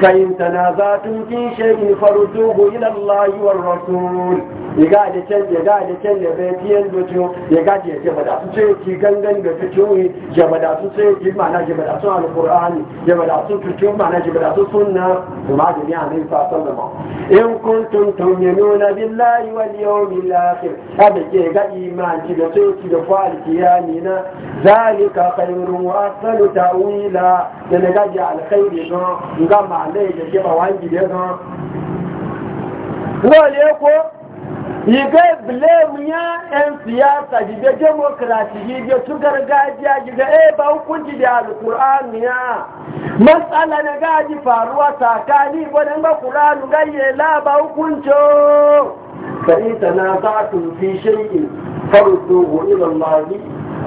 kayin tanazatun fi shay'in farduhu ila Allah wa rasul ya ga da can ya ga da can ya bai biyan dojo ya ga da ya bada su sai ki gangan da ta ciwo ya bada su sai ki mana ya bada su alqur'ani ya bada su cikin mana ya bada su sunna kuma da ni annabi fa sallama in kuntum tu'minuna billahi wal yawmil akhir hada ke ga iman imani da sai ki da fa'al ni na zalika khairun wa afdalu ta'wila da ga da alkhairi don ga ma da ke ba wani da don Wale ko yiga blame ya yan siyasa da demokrasi yiga su gargajiya yiga eh ba hukunci da alkur'ani ya matsala na gaji faruwa tsakani wani ba kur'anu gaye la ba hukunci fa in tanaza'tum fi shay'in farudduhu ila allahi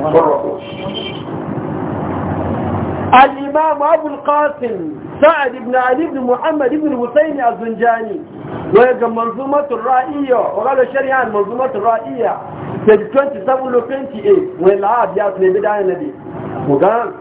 wa rasul al-imam abul qasim سعد بن علي بن محمد بن الحسين الزنجاني ويجا منظومة الرائية وقال الشريعة منظومة الرائية في 27 و 28 العاب يا سنبدا النبي وقال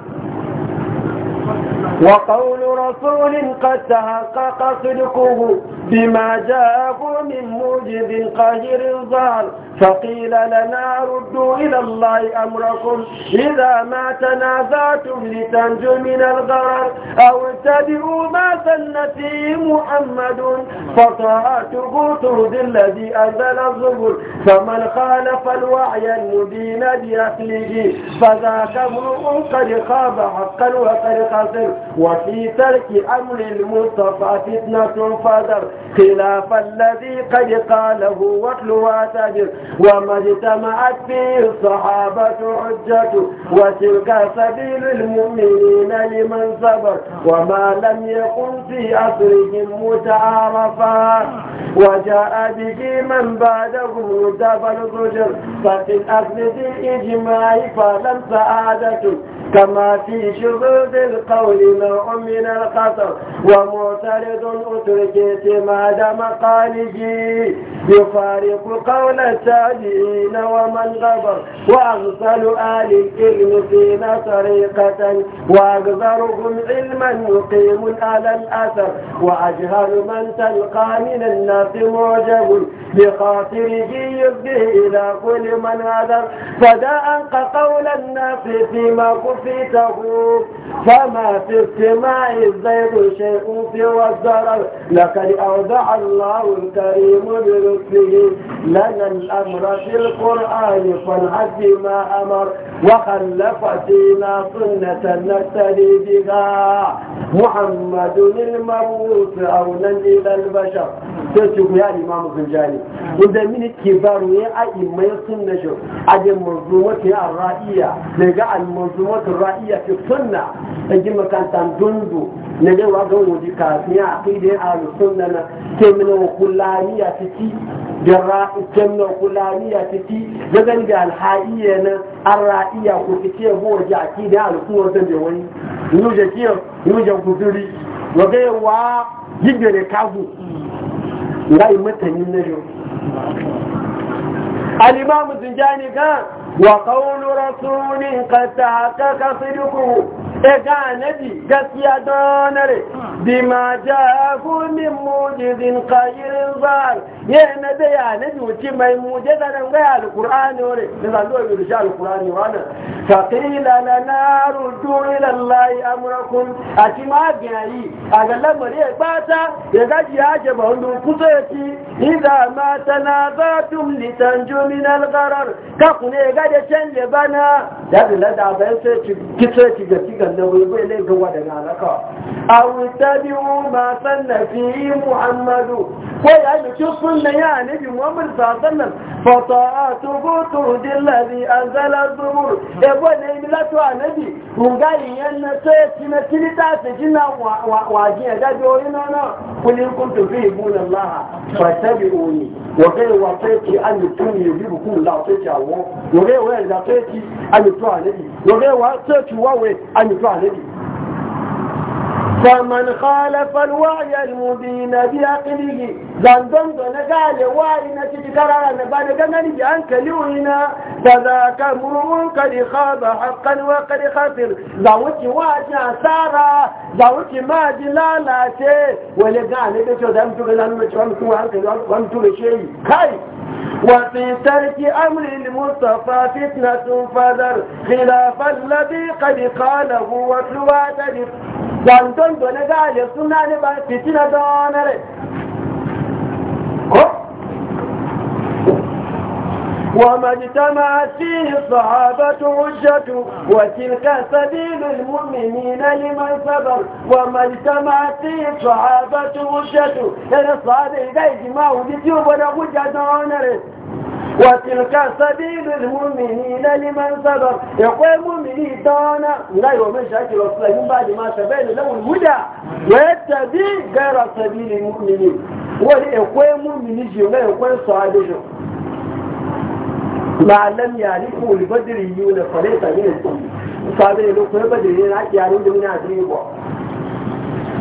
وقول رسول قد تحقق صدقه بما جاءه من موجب قهر ظهر فقيل لنا ردوا إلى الله أمركم إذا ما تنازعتم لتنجوا من الغرر أو اتبعوا ما سن فيه محمد فطاعته ترد الذي أنزل الظهر فمن خالف الوعي المبين بأهله فذاك امرؤ قد خاب حقا وقد خسر وفي ترك أمر المصطفى فتنة فذر خلاف الذي قد قاله واتل واعتبر وما اجتمعت فيه الصحابة حجته وتلك سبيل المؤمنين لمن صبر وما لم يكن في أصلهم متعارفا وجاء به من بعده دفن الرجل ففي الأصل في فلم سعادة كما في شهود القول نوع من القصر ومعترض أترك اعتماد مقاله يفارق قول التابعين ومن غبر وأغسل آل العلم فينا طريقة وأكثرهم علما مقيم على الأثر وأجهل من تلقى من الناس معجب بخاطره يفضي إلى كل من هدر فداء قول الناس فيما كفر أنفته فما في اجتماع الزيد شيء في والضرر لقد أودع الله الكريم بلطفه لنا الأمر في القرآن فانهج ما أمر وخلف فينا سنة نبتلي بها محمد المبعوث أولا إلى البشر sai ce ku ya imamu sun inda mini ke baro ya a'i mai sun na shi ajin mazumata ya ra'iya na ga al ra'iya fi sunna da ji makantan dundu na dai wa gan wuji kafin ya ya ahlu sunna na ke mina wa kullaniya fiti da ra'i ke mina wa kullaniya da gani da alha'iya na an ra'iya ku fiti ya bo waje aqidin ahlu sunna zan da wani nuje kiyo nujan guduri wa ga wa ne kagu ngai matanin na jo al-imam zinjani ga wa qawlu rasulin qad tahaqqaqa sidquhu e ànẹ́bì gaskiya dánare bí máa já fún ní mujizin kayirin mai yẹ́ ẹ̀nẹ́bẹ̀ yà ànẹ́bì wùtí mai mujẹ́ zanen gẹ́ alùkùránì rẹ̀ nígbà ló yi rìṣẹ́ alùkùránì wọn náà fàkílà na náàrù dúrí lallai amurakun àti máa gẹ̀yìn àgàlámọ̀rí ẹ̀gbáta jẹ́ chẹ́ ń bana. bá náà ki na bai bai zai gawa daga halaka a wutabi'u ma sanna fi muhammadu ko ya yi ki sunna ya annabi e na to ya e ci na tilita ta na wa wa e e an la awo wa an wa wa فعلتي فمن خالف الوعي المبين بعقله زندن دون قال وعي نتيجة قرار نبان قنن جان كلوهنا فذاك مرور قد خاب حقا وقد خسر زوتي واجع سارة زوتي ما جلالة ولقاني بشو دمتو قلن وشو وامتو لشيء كيف وفي ترك أمر المصطفى فتنة فذر خلاف الذي قد قاله واتلو واعتذر وانتم دون قال السنة لبعض فتنة دونر وما اجتمعت فيه الصحابة عجة وتلك سبيل المؤمنين لمن صبر وما اجتمعت فيه الصحابة عجة يعني الصحابة إذا اجمعوا لتيوب ولا غجة وتلك سبيل المؤمنين لمن صبر يقول المؤمنين دانا لا يؤمن شاكل رسول من بعد ما تبين له الهدى ويتبع غير سبيل المؤمنين ويقول المؤمنين جميع يقول الصحابة ma lam yaliku li badri yun fariqa min sabe lo ko badri ni raki aru de mina dribo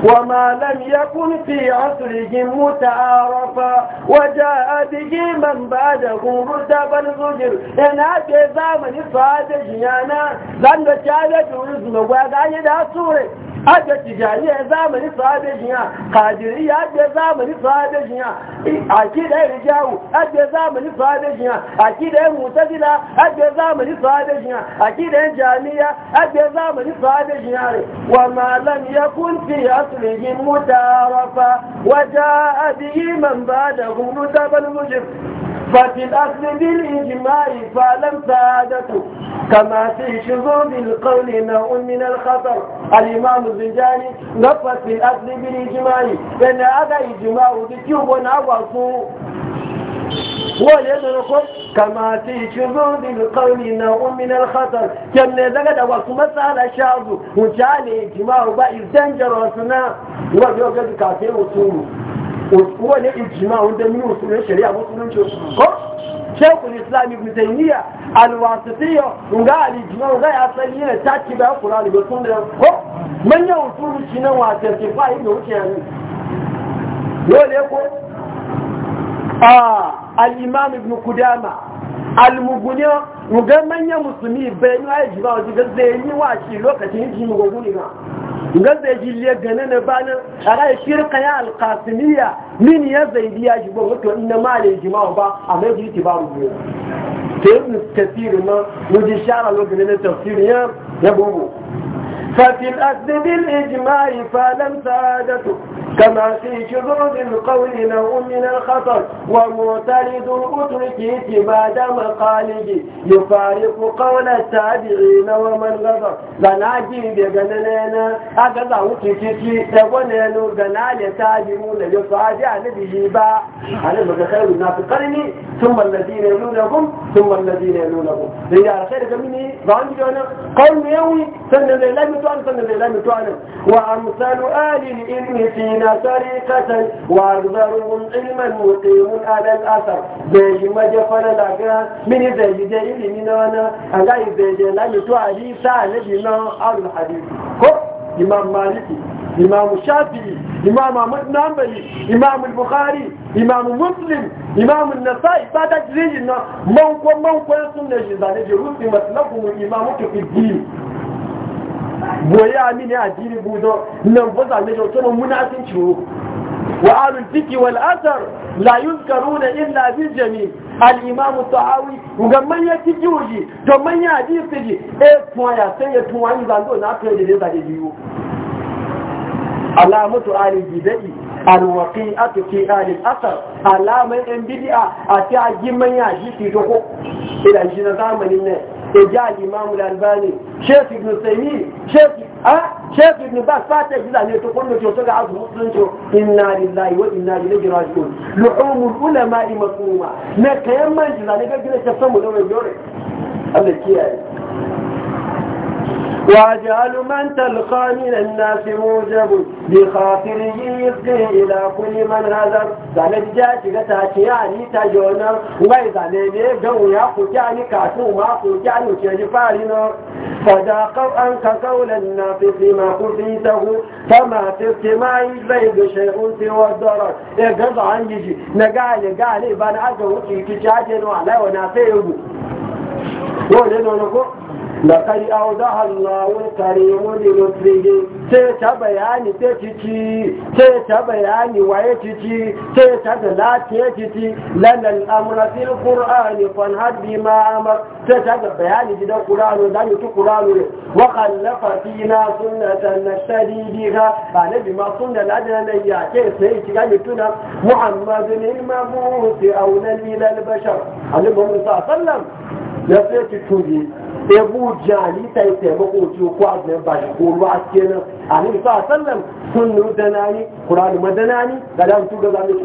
wa ma lam yakun fi asrihim mutarafa wa jaa bihi man ba'dahu rutaban zujir ina ke zamani fa da jiyana zan da ta da turu zuwa ga ga da sure aje tijaniya zamani sahabe jiya kadiriya aje zamani sahabe jiya akida rijawu aje zamani sahabe jiya da mutazila aje zamani sahabe jiya akida jamiya aje zamani sahabe jiya wa ma lam yakun fi aslihi mutarafa wa jaa bihi man ba'dahu mutabal mujib ففي الأصل بالإجماع فلم سعادته كما في شذوذ القول نوع من الخطر الإمام الزنجاني نفت في الأصل بالإجماع لأن هذا إجماع ذكيب ونعوصه وليدركم كما في شذوذ القول نوع من الخطر كم نزلت وصو على شعب وجعل إجماع بأي زنجر وصنا وجعل كافر وصوله uwa ne ijima wanda mini usulun shari'a musulunci ko shekul islam ibn taymiya alwasitiyya nga alijima nga ya sani yana taki bayan kurani ba sun da ko manyan usulun shi nan wasan ke fa inda wuce yanzu dole ko al-imam ibn kudama al-mughniya ga manyan musulmi bai nuna ya ji ba wajen gaza ya yi washi lokacin yin mu gogu ne ba gaza ya ji liya gane na bana a rai shirka ya alkasimiya min ya zaidi ya shi ba wato ina ma ne jima ba a mai ji ti ba mu ne ta yi tafsirin ma mu ji shara lokacin na tafsirin ya bugu ففي الأسد بالإجماع فلم سعادته كما في شذوذ القول له من الخطر ومعترض ما دام مقاله يفارق قول التابعين ومن غضب غناجي بغنانينا أغضى وتكتي تغنينو غنالي تابعون يصعد عن على أنا بخير الناس قرني ثم الذين يلونهم ثم الذين يلونهم لذلك خير مني ظهر قول يومي سنة لم تان سنة ليلة متوانا وأمثال آل الإبن فينا سريقة وأكبرهم علما مقيم على الأثر بيج مجفل لك من بيج دليل من أنا أنا بيج لم تعلم سالة بنا أهل الحديث كو إمام مالكي إمام الشافعي إمام أحمد بن حنبل إمام البخاري إمام مسلم إمام النسائي بعد تجريجنا من كو من كو سنة جزانة جروس مثلكم الإمام في الدين boya mini addini budo nan fa zame da to munafin ciwo wa alul fiki wal asar la yuzkaruna illa bi jami al imam tahawi ga man ya tijuji to man ya hadisi ji e to ya sai ya tuwa ni na ta da da da biyu alamatu ali bidai al waqi'atu fi al athar alaman bid'a a ta giman ya to ko ila shi zamanin ne eja alimamu lalbani sheikh ibn sayyid sheikh a sheikh ibn bas fata jiza ne to kullu to ga azu musulunci inna lillahi wa inna ilaihi raji'un luhumul ulama masuma na kayan man jiza ne ga gina ta samu da wani yore Allah kiyaye واجعل من تلقى من الناس موجب بخاطره يفضي إلى كل من هذر زانت جاتي غتاتي يعني تجونا وي زانيني جو يا خجاني كاتو ما خجاني كيجي فارنا فذاقوا أنك قول الناس فيما كفيته فما في السماء البيض شيء سوى الضرر يقضى عن يجي نقال قال ابن أجو كي تجاجن وعلى ونافيه هو نقول لقد أوضح الله الكريم لمطرقه سيتا بياني تيتي سيتا بياني ويتي سيتا لا يتي لنا الأمر في القرآن فانهد بما أمر سيتا بياني جدا قرآن داني تو قرآن وخلف فينا سنة نشتري بها قال بما سنة لدينا نياتي سيتي تنا محمد المبوث أولى إلى البشر عليه وسلم يا سيتي تودي ebu jali ta yi taimako ko a ba shi koro a kenan a ne sa sallan sun nu da nani kurani ma da nani da da mutu ga ne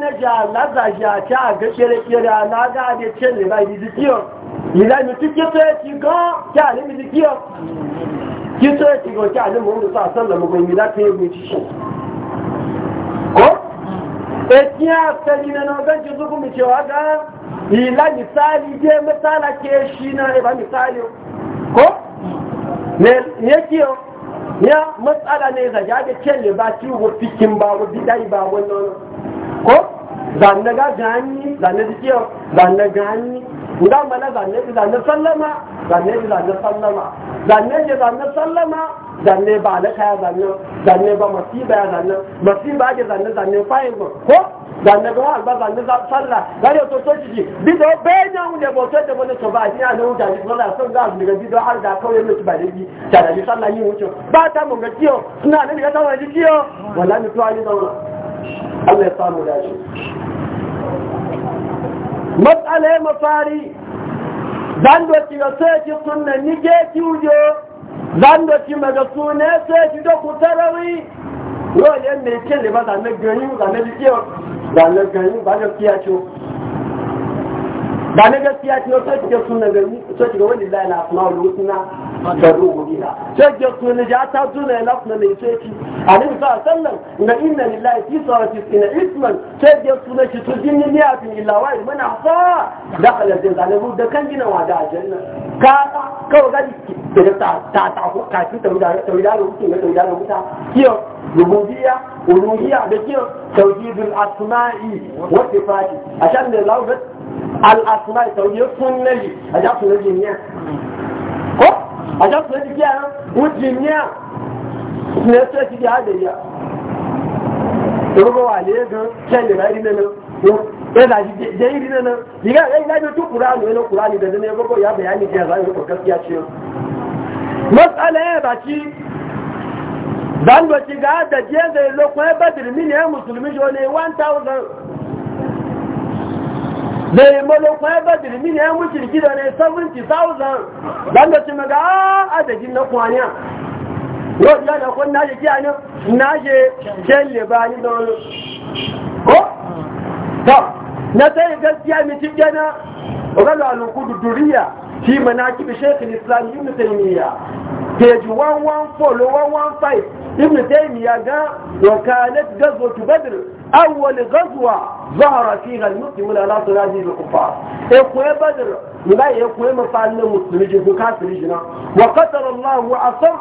na jala za ja a ga kere kere a na ga da ce ne ba yi zikiyo ila mi tuke to ya ci ga ta ne mi zikiyo ki to ci e ga ta ne mu sa sallan mu ga mi yi ẹ̀kí àfẹ́lìnà náà gẹ́jì zúkú mu cewa ga ìlà misali jẹ́ mẹ́tàlá kí é ṣí ba ẹ̀bá misali o ne kí o ya matsala ne ga ya ce ne ba ci wa fikin ba wa bidai ba wannan ko zanna ga gani zanna dikiyo zanna gani guda mana zanne ji zanne sallama zanne ji zanne sallama zanne ji zanne sallama zanne ba na kaya zanne zanne ba masiba ya zanne masiba ji zanne zanne fayin ko ko zanne ba alba zanne sallah gare to to ji bi da bayan mu da boto da wani to ba ni a nan da ji sallah sun ga su daga bido har da kawai mu ba da ji ta da sallah yin wuce ba ta mun ga kiyo suna nan daga tawaji kiyo wallahi to ali da Allah ya samu shi. matsala mafari zan doci ga ni je ki kiwujo zan doci maga sune soci da ku tarawi yau ne mai kele ba zane gani zane jikiyo zane gani ba da fiyacho ba na gaskiya ce wata cike suna gari ta shiga wani lai na asma wani wutuna da ruhu gida ta cike suna ja ta tuna ya lafna mai ceci a nan sa sallan na inna lillahi fi sawati ina isman ta cike suna shi tujin ni miyatin illa wa ilman afa da kalatin zalibu da kan gina wa da aljanna ka kawai gadi daga ta ta ta ko kafin ta wida ta wida rubutun ga ta wida rubuta kiyo rububiyya uluhiyya da kiyo tawhidul asma'i wa sifati a shan da lawu al'asma ìtàwé fún lẹ́yìn àjásùn lẹ́jì ní à kó àjásùn lẹ́jì kí à ń jì ní à ní ẹsẹ̀ ti di àgbèyà ìrúbọ̀ wà lé gan kẹ́lẹ̀ ráyé nínú yadda da iri nan diga ai na duk qur'ani ne qur'ani da ne gogo ya bayani da zai ko gaskiya ce masala ya baki dan ba ci ga da je da lokacin badr min ya musulmi jone 1000 da yi malokwa ya badiri mini ya mutu gida ne 70,000 don da cime ga adadin ah, na kwanya yau ya na kwan a kiya ne naje kyan ba ni don ko? ta na sai gaskiya mai cikin gana ogalo alukudu duriya fi manaki bi islam yi musulmiya page 114 ابن تيمية جاء وكانت غزوة بدر أول غزوة ظهر فيها المسلمون على صلاة بالكفار إخوة بدر لا إخوة مفعلنا مسلمين وكافرين وقتل الله وعصر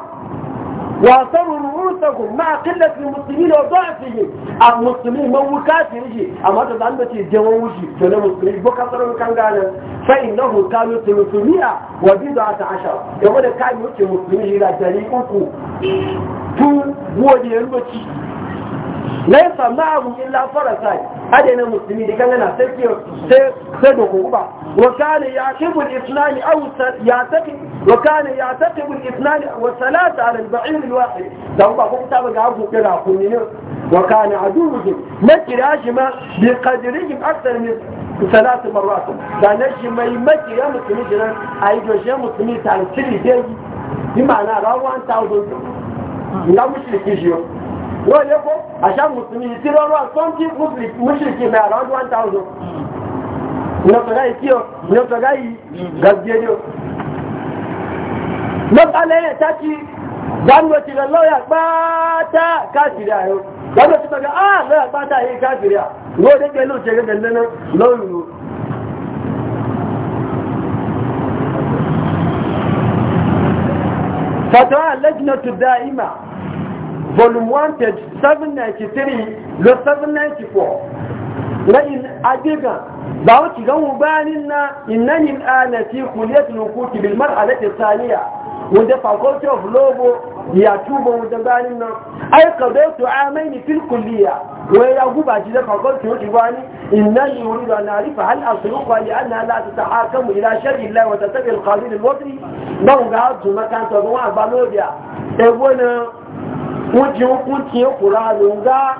wasarun rurutsakun na akillar fi musulmi da wato a fiye a musulmi man wuka fi yi a mata za ta ce jewon wuce da na musulmi ba ka tsarin kan ganin sai inda hulka yi musulmi a wajen da aka asha game da kayan wuce musulmi da jari uku tun buwa da yalwaci laisa ma'ahu illa farasai adana musulmi da kanana sai sai da kuma wa kana ya kibu al-islam aw ya taki wa kana ya taki al-islam wa salat ala al-ba'ir al-wahid da ba ko ta ga abu kira ku ne wa kana aduhu makirashi ma bi qadrihim akthar min ثلاث مرات كان شيء ما يمكن يا مسلمين اي جوجه مسلمين تعال تشيل دي بمعنى راهو 1000 لا مش اللي wọ́n yẹ kó àṣà mùsùlùmí ti lọ́rọ́ sọ́ńtì mùsùlùmí náà around one thousand nọ̀tọ̀gá yìí kí o nọ̀tọ̀gá yìí gàgbé ni o. lọ́kàlẹ̀ yẹn tákì gbàgbọ́ ti pátá káàkiri ààrẹ tó dá ìmà volume 1 page 793 ga 794 ra'in adiga ba wuce ganwu bayanin na innani ana fi kuliyatul hukuki bil mar'alati thaniya wanda faculty of lobo ya tuba wanda bayanin nan ai qadaitu amaini fil kulliya wa ya guba ji da faculty of ibani innani uridu an arifa hal asruqa li anna la tatahakamu ila sharri allah wa tatabi al qadil al wadi ba ga zuma makan to ba ba lobiya e kuncin hukuncin ƙuranin za,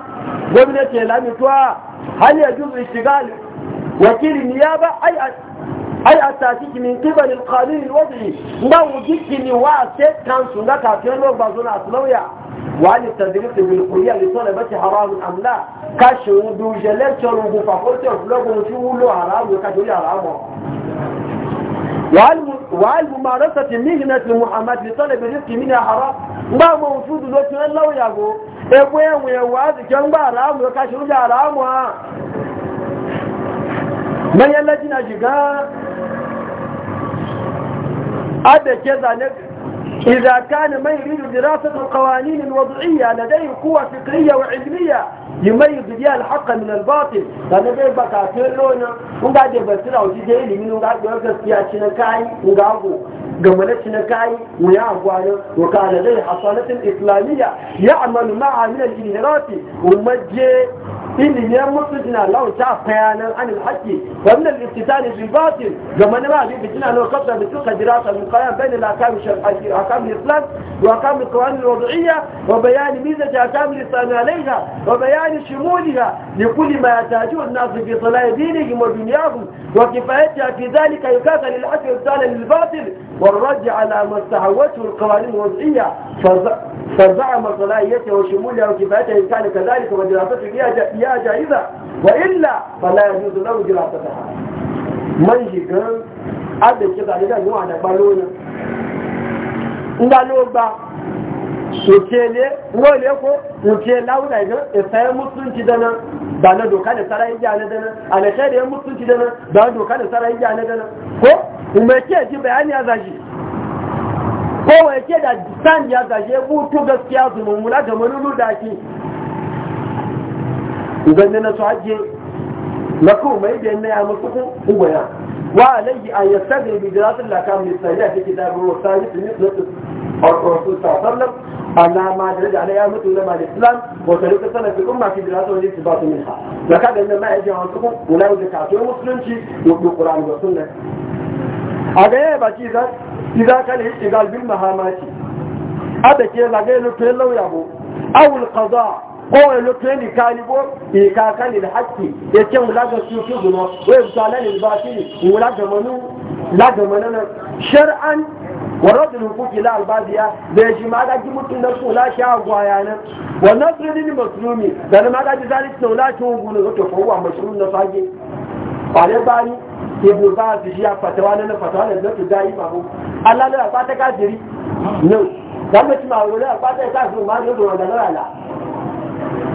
gwamnati ya lamituwa hal ya juzu ishigal wakilin ya ba ai a tafi min kibar alƙalin wadda ba wujikini wa sai kansu na kafin logba suna lauya wani tadrisi bil kuliya li tole bace haramun amla kashin duje lecture rubu fakultin logun shi wulo haramun kashin haramun wal mumarasati mihnati muhammad li talab rizqi min haram ba mu wujudu lokacin Allah ya e ko en we wa zikan ba ramu ka shiru da ramu man yalla jina shiga إذا كان ما يريد دراسة القوانين الوضعية لديه قوة فكرية وعلمية يميز بها الحق من الباطل فأنا دي بكاتير لونا وقاعد دي أو وجيدي إلي من وقاعد يوقف فيها شنكاي ونقا قبل قمنا شنكاي عنه وكان لديه حصانة إسلامية يعمل معها من الإنهارات ومجي ilimi ya mutu jina lau ta fayanan anil haƙƙi wannan littitani fi batin ga manama bi bi jina lau kabda bi tuka jira ta mukayan bayan al'akami shar'aki akami islam wa akami kawani wadu'iyya wa bayani miza ta akami lisani alaiha wa bayani shimuliha li kulli ma yataju an-nasu fi salahi dinihim wa dunyahum wa kifayatiha fi dhalika yukasa lil haqqi wa sala lil batil wa ar-radd ala ma istahawathu al-qawanin wadu'iyya فزعم صلاحيته وشمولها وكفايته إن كان كذلك ودراسته فيها ya jayiza wa illa fala yajuzu lahu jirafataha man shigan abin ke da yi wa da balo Nda lo ba wo le ko mutie lauda ga e sai mutunci dana ba na doka da sarai ji ana dana ana shari'a ya mutunci dana ba doka da sarai ji ana dana ko kuma ke ji bayani a zaji ko wai ke da san ya zaje butu gaskiya zumun mummuna ga manulu da ki idan na su hajje na kuma mai da yana ya musu ku ugoya wa alayhi an yastadir bi dirasil lakam li sariya fi kitab ar-rasul nisbatu ar-rasul sallam ala ma daraja ala ya mutu lama al-islam wa tariqa salafi umma fi dirasil wal isbat minha da kada nan ma yaji wasu ku ulai da kafir musulunci wa qur'an da sunna a ga ya baki da idan kana istigal bil a da ke zagaye lutun lauya bo awul kaza. kowane lokacin e da ka libo ka kan da haske ya ce mu laga su su guma wai su ala ne ba shi mu lagar manu laga manana shar'an wa radul huquqi la albaziya. da shi ma ga mutun na su lashe a gwaya nan wa nasr lil maslumi da ma magaji zari su to lashe to na to kowa wa na fage bare bani ibu ba su shi fatawa na fatawa a su dai babu Allah la ba ta kafiri no dan mutum a wurin ba ta kafiri ma da dora da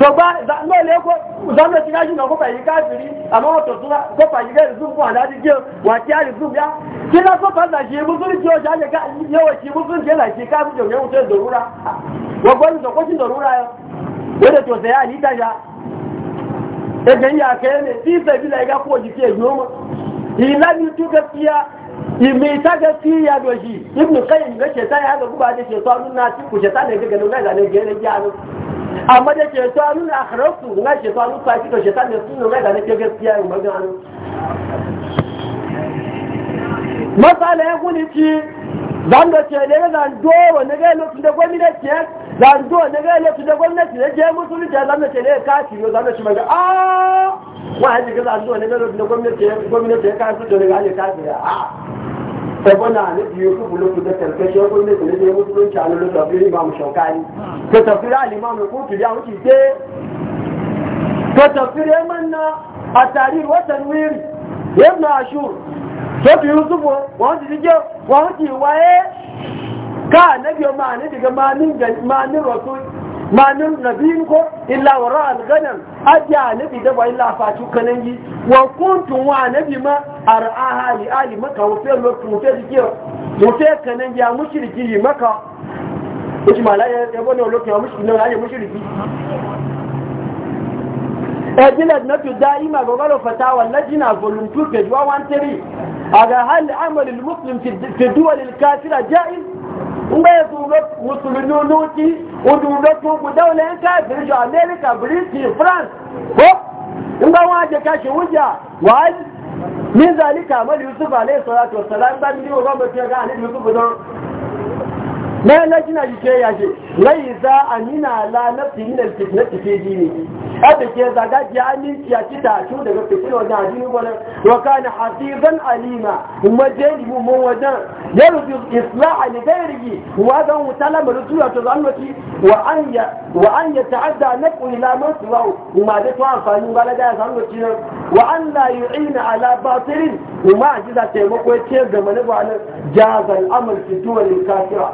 tọgbá ìdánilẹ́ kó ìdánilẹ́ ti yájú náà kó pẹ̀lú káàkiri àmọ́ ọ̀tọ̀ tó kó pẹ̀lú rẹ̀ zoom fún àdájú jẹ́ wà tí a lè zoom yá kí lọ sọ́tọ̀ ọ̀dà ṣe ibú sórí tí ó ṣe àjẹká yẹ́wọ̀ ṣe ibú sórí tí ó ṣe káàkiri òun yẹ́wọ̀ tó dòrúra gbogbo olùsọ kó sì dòrúra yọ lóde tó sẹ́yà ní ìtajà ẹgbẹ̀yìn bi tí ìfẹ́ ìbílẹ̀ ẹgá kó òjì ma. Ina mọ́ ìlànà tó kẹ́ ime ta ga fi ya doshi ibn qayyim ga ce ta ya ga guba da ce to na ci ku ce ta ne ga ganin ga ne ga ne ya amma da ce to nuna akhrasu na ce to nuna sai to ce ta ne sun ga ne ga gaskiya yau magana masala ya kuni ci zan da ce ne zan doro ne ga lokacin da gwamnati ce zan doro ne ga lokacin da gwamnati ne ke musulunci zan da ce ne kafi zan da ce maga ah! wahaji ga zasu wani garo da gwamnati ya gwamnati ya kasu da daga ne kasu da a sabona ne biyu ku bulu ku da karkashin gwamnati ne da mutunci a lulu da biyu ba mu shaukani ka tafsir al-imam al-qurtu ya wuce ce ka tafsir manna a tarir wa tanwir ibn ashur to yusuf wa hadi dige wa hadi waye ka nabi ma ne daga manin manin rasul ma min nabiyin ko illa wara alganan ajiya nabi da ba illa faci kanan yi wa kuntum wa nabi ma ar'aha hali ali maka wa fi lo tu fe dikiyo mu fe kanan ya mushriki yi maka shi mala ya bone lo ke mushriki na ya mushriki ajila na tu daima ga galo fatawa lajina volunteer 2 page 113 aga hal amal al muslim fi dawal al kafira jaiz ngbe ẹ̀sùnlọ́ mùsùlùmí olóòtí ojúlọ́ tó kù dáwọlẹ̀ ń ká ìbìrìṣọ́ amẹ́ríkà britain france ó ngbe wọn àjẹká ṣòwújà wàá ní zalika mọ́lì yusuf alẹ́ ìsọ̀rọ̀ àti ọ̀sọ̀rọ̀ ń bá nílé ọgọ́mọ̀ tí ọgá àníbi yusuf náà na lati na jike ya ce lai za amina la na min al fitnati fi dini da ke zaga ji yi ya kita to daga fitina wajen addini gwanan wa kana hafizan alima kuma jeli mu mun wajen yarju islaha li ghairihi wa zan dan mutala zuwa to zannati wa an ya wa na yata'adda nafu ila man suwa kuma da to amfani bala da zannati nan wa an la ina ala batilin kuma ji da taimako ya ce ga mani ba nan jazal amal fitu wal kafira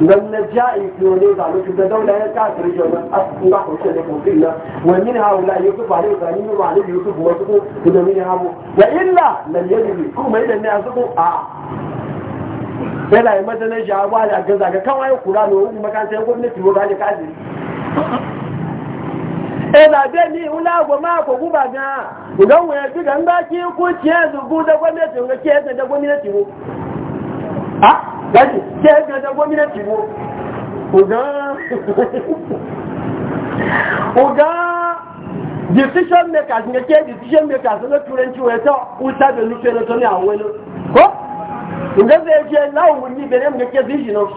لما جاء يقولون ne كذا دولة كافر جوا أصبح وشلك وكلا ومن هؤلاء يوسف عليه إبراهيم وعليه يوسف وسقوا illa من هؤلاء وإلا لم يجد كما إذا الناس آه yana yi madanar jawabuwa da gaza ga kawai kura da wani makaranta ya gwamnati ba da kaji ina be ni ula go ma ko guba ga idan wani fi ganga ki ce da gwamnati ga da gwamnati ko a gashi sai ya gajen gwamnati ko uga uga decision makers ne ke decision makers na turanci wai ta uta da nufe na tuni a wani ko inda zai je lawon wuni bere mu ke vision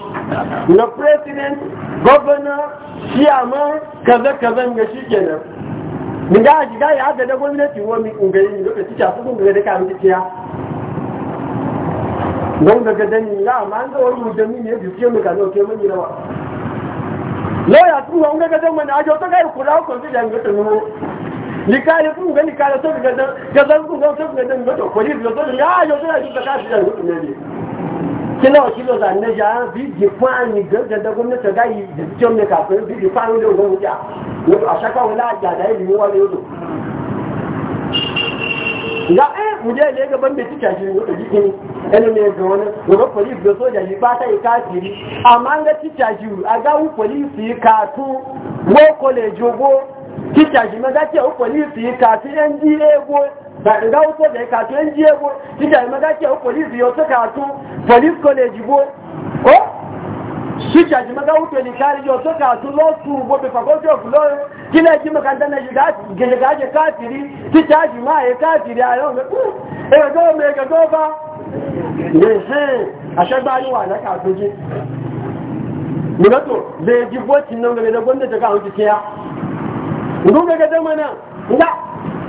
na president governor chairman kaza kaza ga shi kenan ya don daga dani la ma an ga wani mujami ne bi ke muka no ke mun yi rawa lawyer tu wa ga dan mana ajo to ga kula ko su ni ka yi tu ga ka da to ga dan ga ga to ga ga to ko ni to ga ajo to ga shi ka shi dan ne kila o kilo za ne ja bi di pan ni ga da gwamnati ga yi da jom ne ka ko bi di pan ne ga wuya a shaka wala ja da yi ni wa ne do ga eh mu je ne ga ban da tika shi ne da jikin ene ga wani ga police ga soja yi ba ta kafiri amma ga tika shi a ga wu police ka tu wo college go tika shi maza ga ce wu police ka tu NDA go da ga wu soja ka tu NDA go tika shi ma ce wu police yi ta ka tu police college go Sita ji maga wuce ne kari yau to ka su lo su bo be fagoje of lo kila ji maka dan ji ga gele ga je kafiri sita ji e me e ka to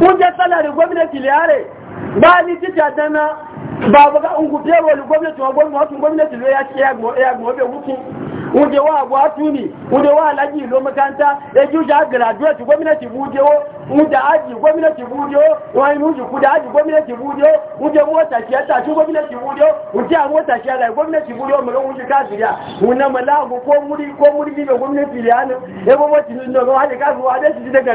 ji ya salari gwamnati liare ba ni tita na. ba ba e ga ungu tero lu gwamnati wa gwamnati wasu gwamnati lo ya ce ya gbo ya gbo be wuki uje wa agwa tuni uje wa alaji lo makanta e juja graduate gwamnati buje wo uje aji gwamnati buje wo wa mu ju kuda aji gwamnati buje wo uje mota muri ko muri bi be gwamnati le ano e bo moti no ga hade ka zuwa da shi daga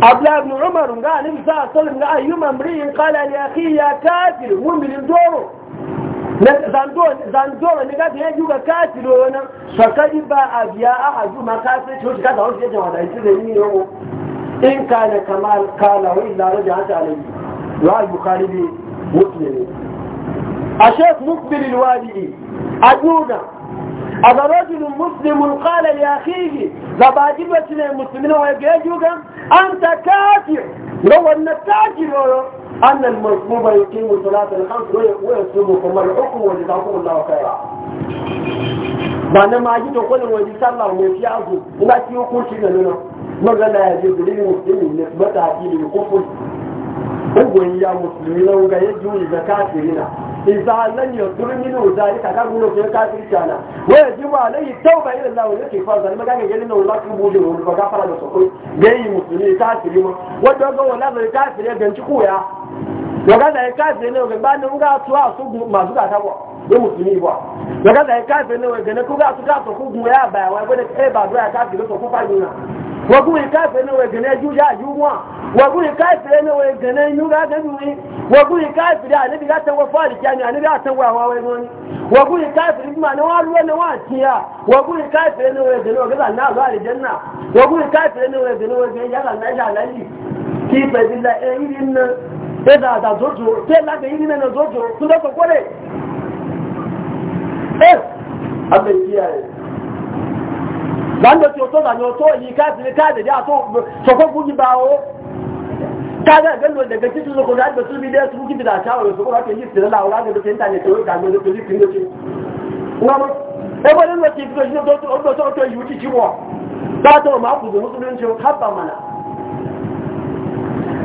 abdullahi ibn umar nga alim sa sallam ga ayyuma mri'in qala li akhi ya kafir mu'min doro zandoro ni gafi yanzu ga kafir wannan fakadi ba abiya ahadu ma kafir to ka da wani jama'a da ita da ni ne ko? in kana kamal kala wa illa raja'a alayhi wa al-bukhari bi muslim الشيخ مقبل الوالدي أجونا aba rajulu muslimu qala li akhihi zabaji batine muslimina wa yajuga anta kafir lo wanna tajir lo anna al mazmuba yuqimu salata al khamsa wa yusumu kum al hukm wa yadhaqu Allah wa khaira bana ma ji to kullu wa yusalla wa yafu ina ci hukunci ne lo magana ya ji dili muslimu nisbata ila al kufr ugun ya musulmi na uga ya juyi ga kafirina isa lan ya turmi na uzari ka ga gulo ke kafir na waya ji ba lai tauba ila Allah ne ke fa zan maga ga yelin Allah ku buje mu ba ga fara da sokoi yi musulmi kafiri ma wanda ga wala bai kafire ganci koya wakata ya kafe ne ba ne nga su a su masu gata ba ne musulmi ba wakata ya kafe ne ga ne kuga su gata ku mu ya ba wai gode kai ba zuwa kafe ne ku fa yuna wagu ya kafe ne ga ne juja juwa wagu ya kafe ne ga ne nuga ga ni wagu ya kafe da ne biga ta wafa da kyani ne biga ta wawa wai goni wagu ya kafe ne ma ne wa ruwa ne wa tiya wagu ya kafe ne ga ne ga na zuwa aljanna wagu ya kafe ne ga ne ga ya ga na ja lali ki fa billahi e eh irin nan 哎，咱咱做做，咱拿的银子能做做，不能做过嘞？哎，俺们企业，咱都是要做，咱要做，你看，你看，人家做，双方不给办哦。看人家跟那个就是都搞那，都是比那手机比那强，有时候他给你只能拿，拿那个简单的，都会干，都会都会听的清。我们，要不然我们听出来，你说多少，多少多少油机机哇？达到满负荷的运行，差不多满了。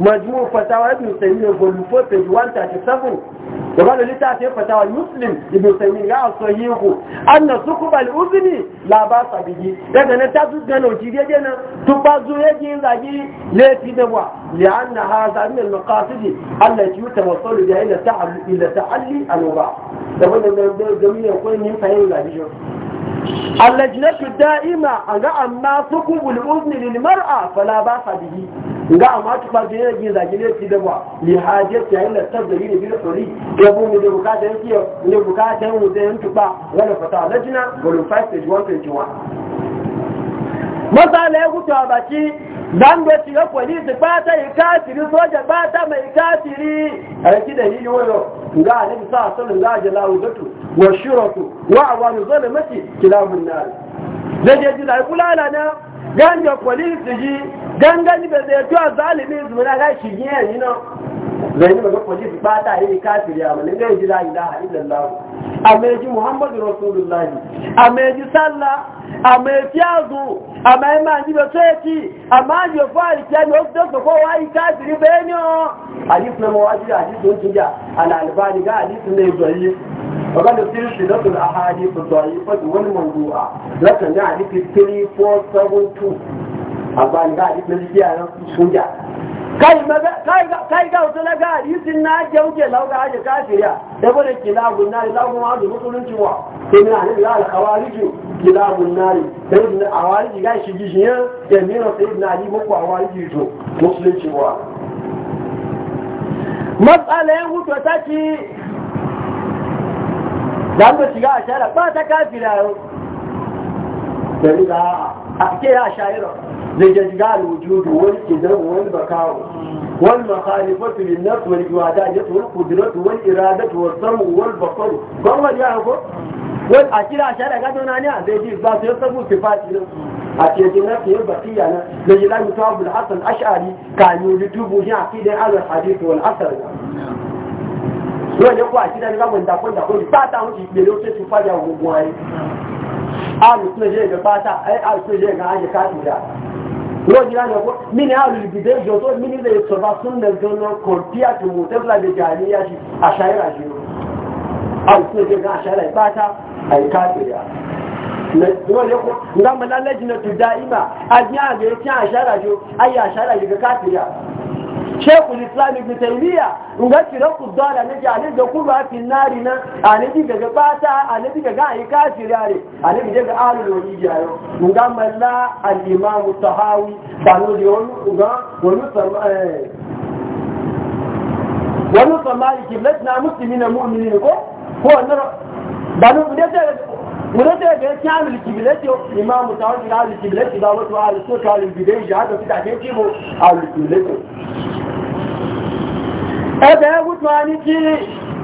majmu fatawa ibn sayyid volume 4 page 137 wala ba ta littafin fatawa muslim ibn sayyid ya sahihu anna sukub al udni la ba sabiji daga nan ta zuga gano ji dai nan to ba zu ji zagi lati da ba li anna hadha min al-maqasid allati yutawassalu biha ila ta'allu ila ta'alli al wara da wannan da jami'a ko ne fahimta zagi اللجنة الدائمة أنا أما ثقب lil mar'a fala ba sabiji nga amma ki ba da yake da gine ki da ba li hajjat ya illa tabdili bi rasuli ya bu mu da bukata yake ne bukata mu da yantu ba wala fata lajina volume 5 page 121 masala ya gutu a baki dan da ga polisi ba ta yi kafiri soja ba ta mai kafiri a da dalili wayo ga annabi sa sallallahu alaihi wasallam gatu wa shuratu wa awanu zalimati kilabun nar zai je jira kula na ganda polisi ji ganga ni bẹ̀rẹ̀ tó àzálìmí ìzùmọ́lá láìsí yí ẹ̀yìn náà lẹ́yìn mọ̀gá polisi pátá yìí káàkiri àwọn nígbà ìdílá ìlà àìlẹ̀lá àmẹ́jì muhammadu rasulullahi àmẹ́jì sálà àmẹ́jì àzù àmẹ́jì máa níbẹ̀ tó ẹ̀kí àmáyè fún àìsíẹ́ ni ó tó sọ̀kọ́ wá yìí káàkiri bẹ́ẹ̀ ni ọ́ àdìsùn ọmọ wájú àdìsùn ó ti jà àlàlùbá nígbà àdìsùn lè jọ yìí وقال سلسلة الأحاديث الضعيفة والموضوعة لكن يعني في 3472 أبان قاعد يتمنى فيها سوجا kai ga wata na ga hadisin na jauke lau ga aje kafiriya da bane kilabun nari lagun wa da musulunci wa sai mina ne ga alkhawariji kilabun nari da ibn awariji ga shi gishiya da mina sai ibn ali muku awariji to musulunci wa matsala ya mutu ta ci za mu shiga a shara ba ta kafira yau da riga a ke ya shayira zai ga shiga alwujudu wani kidan wani bakawo wani makhalifatu lin nafs wal iwadatu wal qudratu wal iradatu wal samu wal basar ban wani ya ko wani a kira shara ga dona ne zai ji ba sai sabu sifati ne a cikin nafi yin bakiya na da jilani tawabu al-hasan ash'ari kanu litubu ya fi da al-hadith wal asar wọ́n lè kó àṣírí ẹni láwọn ìdàkọ́ ìdàkọ́ ìlú pátá ó ló ṣe ti fàjà ogun ayé alùpùpù ẹ̀jẹ̀ pátá alùpùpù ẹ̀jẹ̀ kan ayé káàkiri à wọ́n jìnnà ní ọkọ́ mí ni alùpùpù ẹ̀jọ̀ tó mí ni lè sọ̀rọ̀ súnlẹ̀ gan-an kan bí àti mò tẹ́fúlà lè jà ní àṣàyẹ̀rà ṣe alùpùpù ẹ̀jẹ̀ kan àṣàyẹ̀rà pátá ayé káàkiri à wọ́n lè kó ngámbàlá lẹ́jìnà shekul islam ibn taymiya nga kira ku dala ne ji ale da ku ba fi nari na ale ji daga bata ale ji daga ayi kafirare ale ji daga ahlul wali jayo nga malla al imam tahawi sanu di on nga wonu sarma eh wonu sarma ki na muslimin mu'minin ko ko wannan ba no da wurin da ya ci halin kibilati imamu ta wani halin kibilati ba wasu halin so ta halin bidai shi haka fita ke halin kibilati ebe ya wuce wani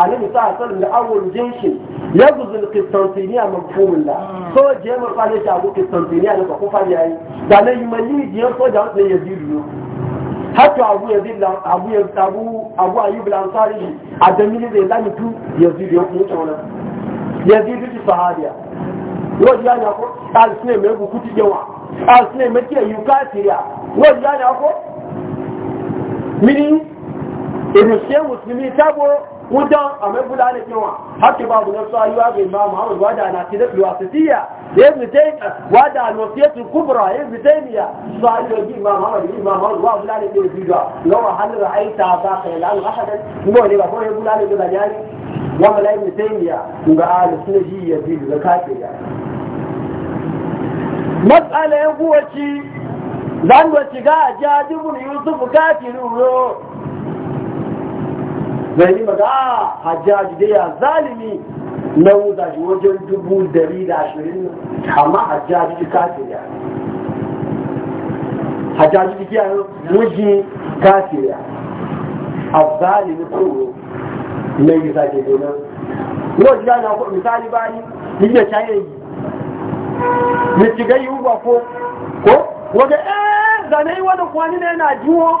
annabi sa sallam da awon jinshi ya guzul qistantiniya mafhumin da so je mu fale ta go qistantiniya da ku fale yayi da ne yimani je so da ne yazidu hatta abu yazid la abu abu abu ayyub al-ansari adamini da lani tu yazidu ya kuma wannan yazidu da sahabiya wọ́n yá ni akọ́ alìsílẹ̀ mẹ́gbù kú kuti jẹ wọn alìsílẹ̀ mẹ́tí ẹ̀yù káàkiri à wọ́n yá ni akọ́ mi ni èrò ṣe mùsùlùmí sábò wuta a mai buda da kewa haka babu na sa yiwa ga imam Muhammad wada na kida filosofiya ya zite wada na fiyatul kubra ya zite niya sa yiwa ga imam Muhammad imam Muhammad wa buda da ke biga lawa hal ra'aita ba kai lan ahadan ngo ne ba ko ya buda da ga yani wa mala ibn taymiya ga al sunni ya bi da kafiya mas'ala yan kuwaci zan ga shiga jajibul yusuf kafirun zai yi a ah, hajjaji dai ya zalimi na wuza shi wajen dubu dari da ashirin amma hajjaji ji kafiriya hajjaji ji kiyaye wuji kafiriya a zalimi kuro na yi zage domin yau ya na kuɗi misali bayi ni da caye yi ni shiga yi ugwa ko ko wajen eh zane yi wani kwani na yana jiwo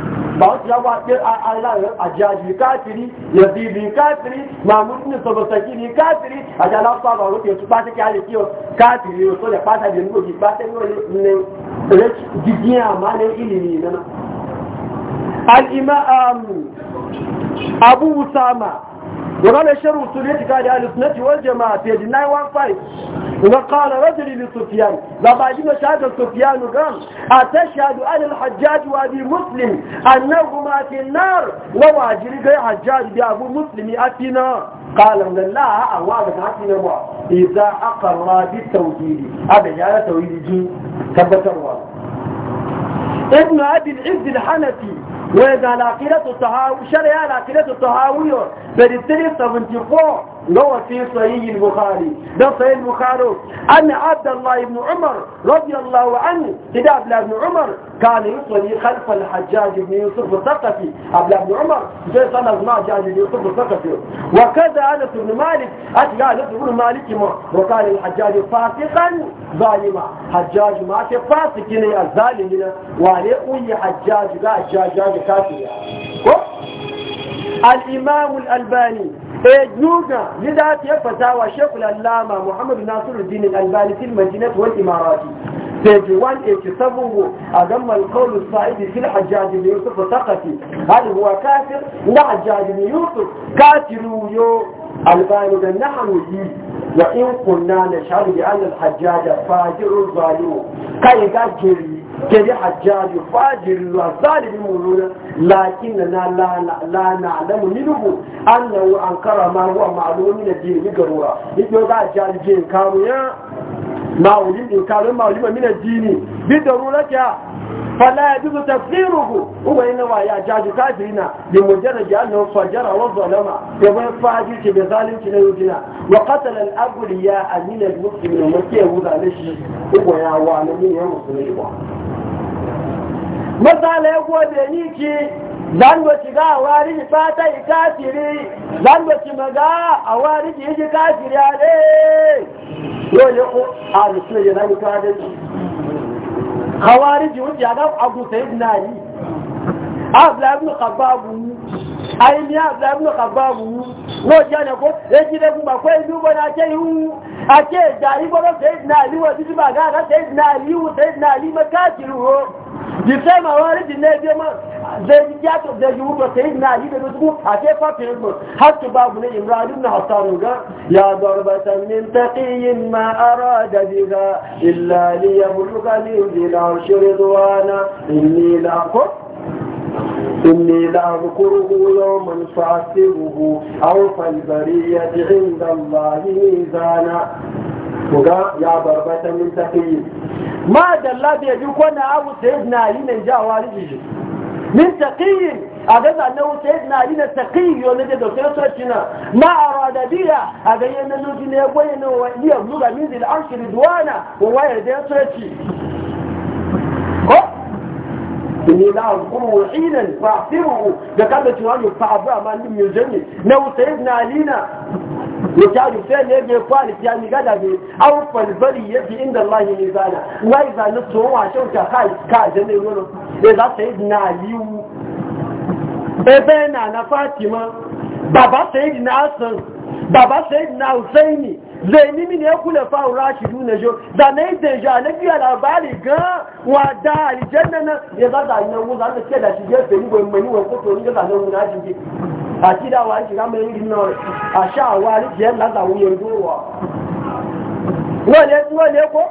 ba wasu ya ba ɗin a jaji kafiri ya bibi kafiri mamun ne saba sakiri kafiri a jala ba ba wuce su ɓata kyale kiyo kafiri yau so da ɓata da nuki ɓata ne gigiya ma ne ilimi nana al'imam abu usama وقال شر رسوليتك على السنة والجماعة في 915 وقال رجل لسفيان بعد ما شهد سفيان قال أتشهد أن الحجاج وأبي مسلم أنهما في النار وواجري غير حجاج بأبو مسلم أتنا قال الله أواغت أتنا بوا إذا أقر بالتوحيد هذا جاء توحيد ثبت تبتروا ابن أبي العز الحنفي وإذا العقيدة التهاوي شرع العقيدة التهاوي 3374 هو في صحيح البخاري ده صحيح البخاري أن عبد الله بن عمر رضي الله عنه إذا عبد بن عمر كان يصلي خلف الحجاج بن يوسف الثقفي عبد بن عمر يصلي صلى مع الحجاج بن يوسف الثقفي وكذا أنس بن مالك أتقى بن مالك ما وكان الحجاج فاسقا ظالما حجاج ما فاسق يعني الظالمين وعليه حجاج لا حجاج كافر الإمام الألباني يجوغا إيه، لذات يفتاوى شيخ الألامة محمد ناصر الدين الألباني في المدينة والإماراتي في جوان 187 أجمع القول الصعيد في الحجاج بن يوسف الثقفي هل هو كافر؟ لا حجاج بن يوسف كاتل يو الباني نحن وإن كنا نشعر بأن الحجاج فاجر ظالم كي جري جري حجاج فاجر وظالم مولونا لكننا لا, لا نعلم منه أنه أنكر ما هو معلوم من الدين بقرورة يقول حجاج جين كانوا ما أولين إنكار ما أولين من الدين بضرورة فلا يجوز تفسيره هو إنما يحتاج كافرين لمجرد أنه فجر وظلم يقول فاجيك بظالم كنيوتنا وقتل الأبرياء من المسلمين ومكي يقول عليه هو يا وعلمين يا مسلمين مثلا يقول بينيكي zanwaci ga a wari ji fata yi kafiri zanwaci maga a wari ji yi kafiri a ne yau ne a da suna yi zanwaci khawariji wuce ga abu sayyid yi abúlábùnú kàbáàbù mú àìní abúlábùnú kàbáàbù mú wọ́n jẹ́ ọ̀nà kó ejìlẹ̀ gbogbo àkọ́ ìlú wọn àjẹ́ ìhun àjẹ́ ìjà àrígbọ́dọ̀ tẹ́ẹ̀dìnà àríwọ̀ títí bàgá àgá tẹ́ẹ̀dìnà àríwù tẹ́ẹ̀dìnà àríwọ̀ káàkiri wo jìfẹ́ màwọn arìnrìn náà bí ọmọ zẹ́yìn yàtọ̀ zẹ́yìn wúkọ̀ tẹ́yìn náà yìí lọ́dún tó àti ẹ̀fà fìrì mọ̀ hàtù bá bùnú ìmúra àdúgbò ọ̀tọ̀ rùgá yàgbọ̀ ọ̀rọ̀bàtà ní tẹ́kìyìn ma ara dàbíga ìlàlíyà burúkú ní ìdílà òṣèré tó wà náà ìlú ìlà kọ́ إني لأذكره يوما فأعتبه أوفى البرية عند الله ميزانا kuga ya barbata min tafiyi ma dalla bai ji kwana abu sai na yi nan jawa riji min taqiyin a ga zanne wuce na yi na taqiyi yo ne da sai so kina ma arada a ga yana ne min inni kuma azkuru hinan fa'tiru da kada ci wani fa'abu ma ni mu jami na usayd na alina ya ta yi sai ne bai kwali ya mi gada bai aw ya yafi inda Allah ya mizana wai za ni so wa shauta kai ka janne wani ne za ta yi na aliyu ebe na na fatima baba sayyidina hasan baba sayyidina husaini zai nimi ne kula fa'un rashi na jo da na yi deja na biya labari ga wada alijanna na ya za da nan wuza da ke da shi ya sayi wai mani wai koto ni ga nan na shi a ci da wa shi ga mai yin na a sha wa ri je la da wuya dowa wale ko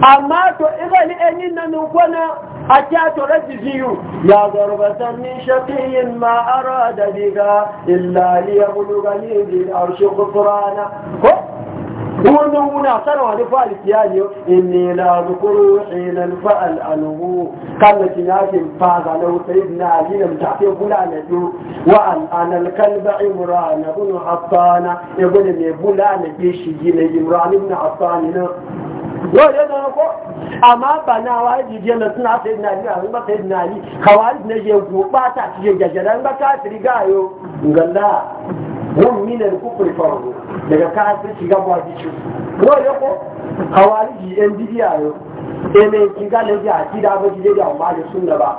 amma to iga ni enin nan ko na a ta tore jijiyu ya zarbatan min shaqiyin ma ara arada biga illa liyablughani bil arshi kufrana ko wanda muna sarwa da fa'al kiyaye inni la zukuru hina fa'al anhu kan ki yake fa ga law sayyidina ali lam tafi kula na ju wa an anal kalba imran ibn hattana ibn ne bula na shi yau da na ko amma ba na wani je na suna sai na yi an ba sai na ni kawai ne je go ba ta ci ba ta riga yo ngalla wọn min da kufri faru daga kafin shiga ba gicu ko ya ko hawariji yan bidiya yo ene eh, kiga le ati da ba jide da amma da ba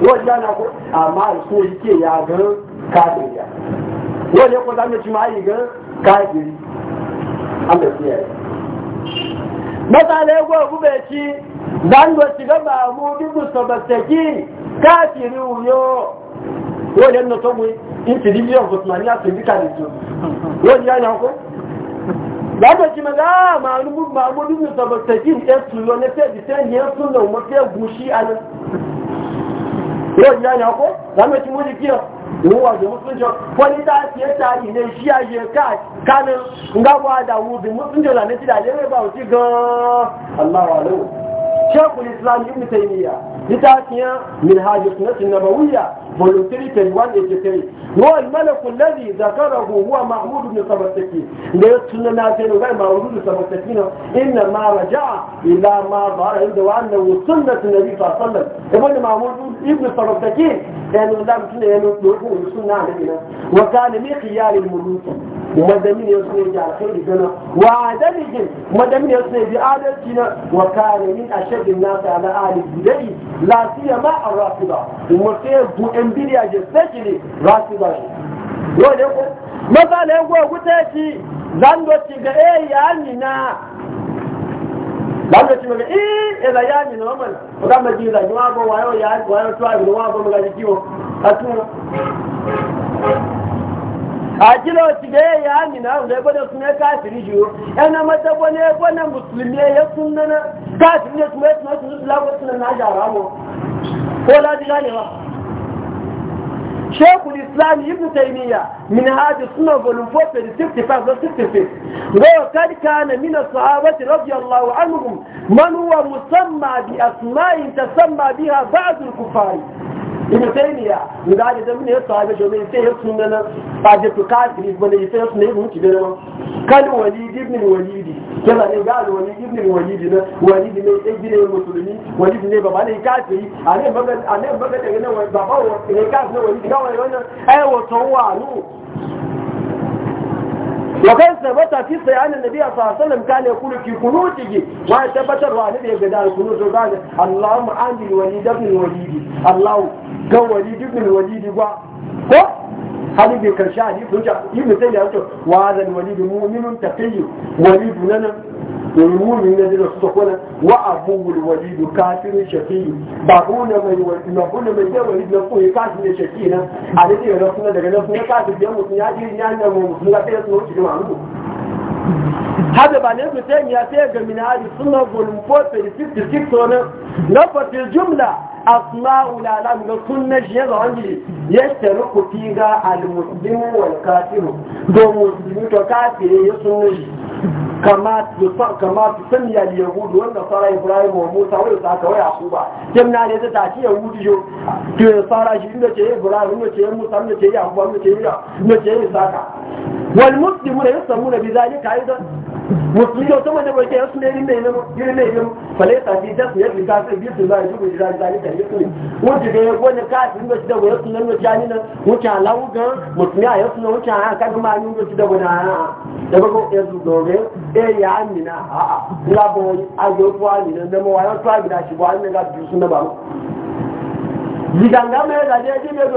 wani yana ko amma su ke ya ga kafin ya wani ko da ci ma yi ga kafin Allah ya yi matsalai gwa gube ci dan da shiga ba mu dubu wuyo. kafiri uyo wani mu togwe ìtìdí bí ọ̀gbọ̀n tí ma ní da lè jù wọ́n ni àyàn kọ́ lábẹ̀ jìmọ̀ láàmà alúgbùgbùn sọ̀bọ̀ tẹ̀kín ẹ̀sùn lọ ní fẹ́ẹ̀dì tẹ́ẹ̀dì ẹ̀sùn da mọ́ yi gùn sí alẹ́ wọ́n ni àyàn kọ́ lábẹ̀ tí wọ́n ni kí ọ òun wà jẹ́ mùsùlùmí pọ́lítà ti ẹ́ ta ilé iṣẹ́ ayé káàkánú ngáwọ́ da bí mùsùlùmí là ní tìdà lérè bá òtí gan-an aláwọ̀ lóhùn shekul islam ibn taymiya litafiyan min hajjus nasin nabawiyya voluntary 183 هو الملك الذي ذكره هو معبود بن سبستكين ده سنة ناسين وغير معبود بن سبستكين إنما رجع إلى ما ظهر عنده وأنه سنة النبي صلى الله عليه وسلم ابن معبود ابن سبستكين لأنه لم سنة ينوت نوحه سنة علينا وكان من خيار الملوك ومدامين يسنى على خير جنة وعدلهم ومدمين يسنى بعادل جنة وكان من أشد الناس على آل البداية لا سيما الرافضة ومسيح بو انبيريا جسدك رافضة ba shi wani ku masala eh, eh, eh, yanku a ci ga e ya nina zan doci e e za ya nina wamal maji za yi wago wayo ya wayo tuwa ibi wago maga ji a tuwa a kila wasu ga ya nina ya su ne kafiri yana e mata gwani ya musulmi ya sunana kafiri ne kuma na jara mu ko ladi ganewa شيخ الإسلام ابن تيمية من هذه السنة فولوم 4 65 وقد كان من الصحابة رضي الله عنهم من هو مسمى بأسماء تسمى بها بعض الكفار ibi taimiya nga da zama ne ya sahabe shi mai sai ya suna na baje to kafiri ba ne sai ya suna ya mutu da nan kan walidi ibn walidi kana ne ga walidi ibn walidi na walidi ne ya gine musulmi walidi ne baba ne kafiri a ne baga a ne baga daga nan baba ne kafiri walidi ga wani wannan ai wato wa nu wakai sabata fi sayanin nabi a sasalin kane kuru ki kunu ciki ba ya tabbatar wa nabi ya gada da kunu to gane allahu wali dabin walidi allahu ga wali dabin walidi ba ko hali bai karshe a jikin ja ibn sai ya ce wa zan walid mu'minun taqiyyu walid lana والمؤمن الذي يصدقون وأبوه الوليد كافر شقي بابونا من نقول من ده وليد نقول كافر شقينا على دي رسولنا ده رسولنا كافر ده مسلم يا جيران ده مسلم لا تيجي تقول شيء معلوم hada ba ne mutum ya sai ga minari suna volume 4 36 tonin na fatil jumla asma'u lalam ga suna shi yanzu zawon gidi ya taru ku fi ga alimuslimu wal kafiru ga musulmi to kafire ya suna shi kama su sani ya yahudu wanda fara ibrahim wa musa wanda ta kawai a kuba kim na ne ta ya yahudu yo to ya fara shi inda ce ibrahim inda ce musa inda ce yahudu inda ce ya inda ce isaka wal muslimu ne yasamuna bi zalika aidan musulmi sama da barke ya suna irin da ilimin irin da ilimin falaita bi da su yadda ka sai bisu za a shi gudu zai zai tare su ne wuce da ya gwani ka su shi da gwani nan wuce ani nan wuce a laugan musulmi a ya wuce a haka kuma ni wuce da gwani a da bako ya su dobe e ya amina a a ila bo a ga ko amina da mu wayo to a gida shi ba an ga bisu na ba mu ziganga mai da je ji mai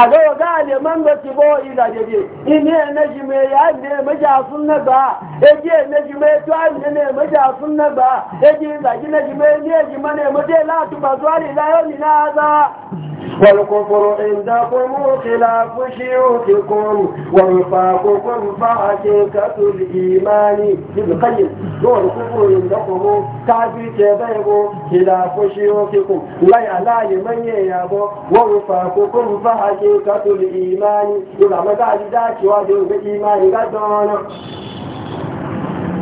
àgọ́wọ̀ gáàlè mọ́ngbẹ̀tì bọ́ ìdàjẹ̀jẹ̀ ilé ẹ̀nẹ́jìmẹ̀ yáàdì ẹ̀mẹ́jà fún nẹ́bà ẹjí ẹ̀nẹ́jìmẹ̀ tó àìyẹnẹ́ ẹ̀mẹ́jà fún nẹ́bà ẹjí ìdàjẹ̀jìmẹ̀ ilé ẹ̀jìmẹ̀ ẹ̀mẹ́jẹ̀ látùbà tó àrí ka ní láàbá والكفر عندكم خلاف شيوخكم ونفاقكم فعتيكة الإيمان في Na والكفر عندكم تعبير تبيغ خلاف شيوخكم لا يعلى من يابو ashe ka tuli imani yau ma za ji dacewa da yau ga imani ga dana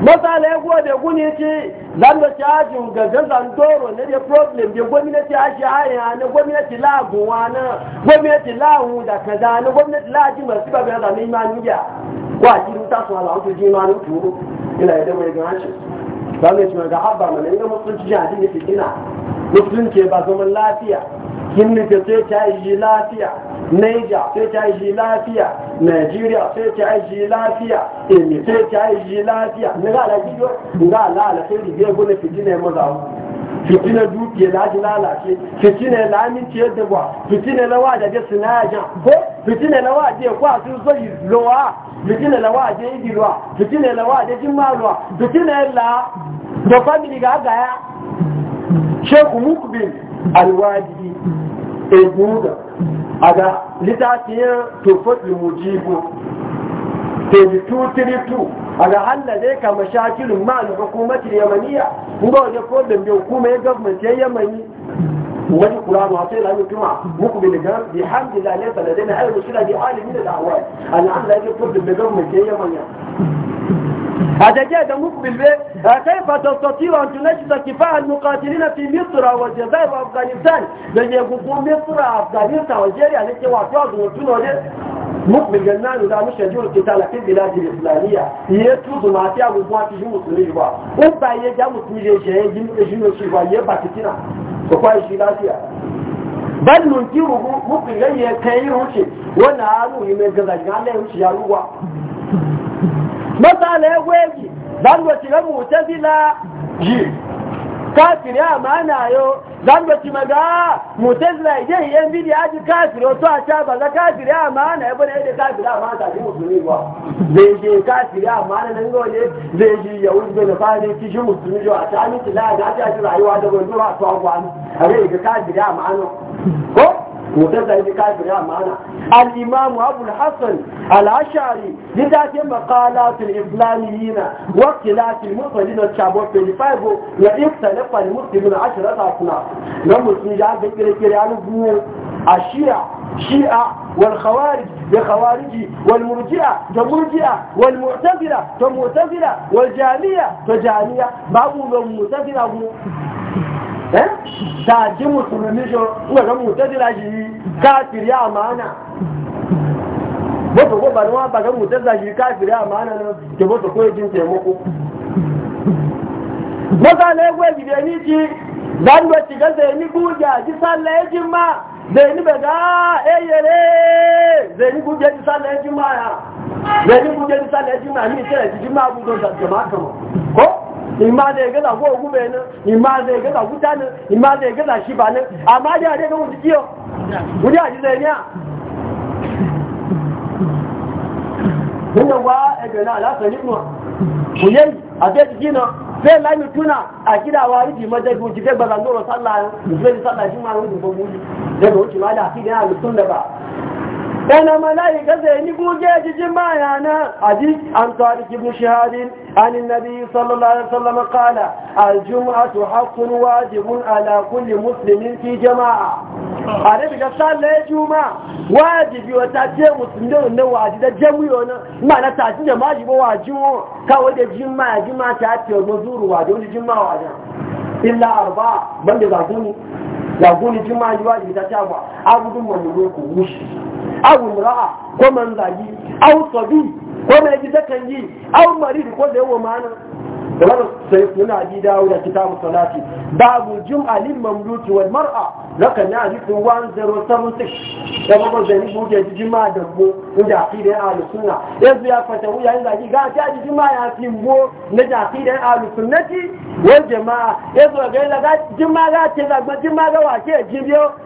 masala ya gode guni ce zan da cajin gaggan doro ne da problem da gwamnati a shi haya na gwamnati laguwa na gwamnati lahu da kaza na gwamnati laji masu babu ya zama imani ya kwa ji ruta su ala wasu jimani ila ya yadda mai gan shi zan da shi mai ga habba mana ina musulunci jihadi ne fitina musulunci ba zaman lafiya Kimnika sai ta yi lafiya, Niger sai ta yi lafiya, Nigeria sai ta yi lafiya, Emi sai ta yi lafiya. Ni ga ala gido, ni ga ala ala sai ribe gune fitina ya maza Fitina dukiya na ji lalace, fitina na ce yadda ba, fitina na wa da gasi na yajan, ko fitina na wa da kwa sun so yi lowa, fitina na wa da yi lowa, fitina na wa da jin maluwa, fitina la da family ga ya shehu mukbin alwaji eguga a ga littafiyar tofat limujibu 3232, a ga hallade ka mashakilin ma'al hukumatar yamaniya kuma wajen problem da hukumar ya gafmace yamani wani kura ma sai lamu tuma, muku bi daga bi hamdulillah ne sanadina ai mushkila bi alimi da ahwal al'amla ya ke problem da gafmace yamaniya hajajia damukbilwe kaifa tatatiwa antunashi za kifaha nukatilina fi mitra wa jazai wa afganistan zenye kufu mitra afganista wa jeri aleke wafiwa zunotuno le mukbilwe nani udamisha juru kitala ki biladi islamia iye tuzu maatia wubwa kiju musulijwa upa iye jamu tmile jeye jimu ejino shiwa iye batitina kukwa ishilatia bal nunkiruhu mukbilwe ye kairu uchi wana aru ime gazajgane uchi ya matsala ya gweji zangoci ga mutazila ji kafiri a mana yo zangoci maga mutazila ije yan bidi a ji kafiri otu a ca baza kafiri a mana ebe na yadda kafiri a mana ta ji musulmi ba zai je kafiri a mana nan gole zai ji ya wuce da fari ci shi musulmi jo a ta miki la da ta ci rayuwa da gobe ba ta gwani a zai ga kafiri a mana ko mutazza ne kafiri a ma'ana al-imam abu al-hasan al-ashari lida ke maqalatul islamiyina wa qilatul mufallin chabo 25 wa iftalafa al-muslimin ashrata kuna nan musulmi ya ga kire-kire alubu الشيعة شيعة والخوارج بخوارجي والمرجئة كمرجئة والمعتزلة كمعتزلة والجهمية كجهمية بابو المعتزلة da eh? ji musulmi shi mutu wadda mutazila shi kafiri amana wato ko bari wa ba ga mutazila shi kafiri amana ne ke wato ko jin taimako masa ne gwe gibe ni ji dan da tiga zai ni guja ji sallah ji ma zai ni bega eyere zai ni guja ji sallah ji ma ya zai ni guja ji sallah ji ma ni sai ji ma abu don da jama'a ko ìmá dẹ̀ gẹ́gẹ́ làwọ́ ogun bẹ̀rẹ̀ náà ìmá dẹ̀ gẹ́gẹ́ làwúta náà ìmá dẹ̀ gẹ́gẹ́ làṣíbà náà àmá dẹ̀ àdé lóhun ti kí ọ wùdí àdílẹ̀ ní à nínú wá ẹgbẹ̀ náà lásẹ̀ nínú òye àti ẹ̀tìkí náà fẹ́ láìmì túnà Wani mala’ika zai ni guge jijin bayana hadis an tsari kibin shahadin anin nabi sallallahu Alaihi wasallam kala aljum'a su haƙun musulmin fi jama’a. A rabi ga tsalle juma wajibi wata ce musulmi wanda wajibi da jami'a wani mana ta cin jama'a jibo wajibo kawai da jima ya jima ta ce wani zuru wajibi wani jima wajen. Illa arba banda zagoni zagoni jima ya wajibi ta ce abu abubuwan da zai kogushi. awul ra'a ko man zagi aw tobi, ko me ji takan yi aw marid ko da yawa mana Da wannan sai suna ji dawo da kitabu salati babu jum'a lil mamluki wal mar'a lakan na ji 1076 da babu zani buke ji ma da go inda akida ahli sunna yanzu ya fata wuya yanzu ji ga ta ji ma ya fi go na da akida ahli sunnati wal jama'a yanzu ga ga jima ga ce ga jima ga wace biyo.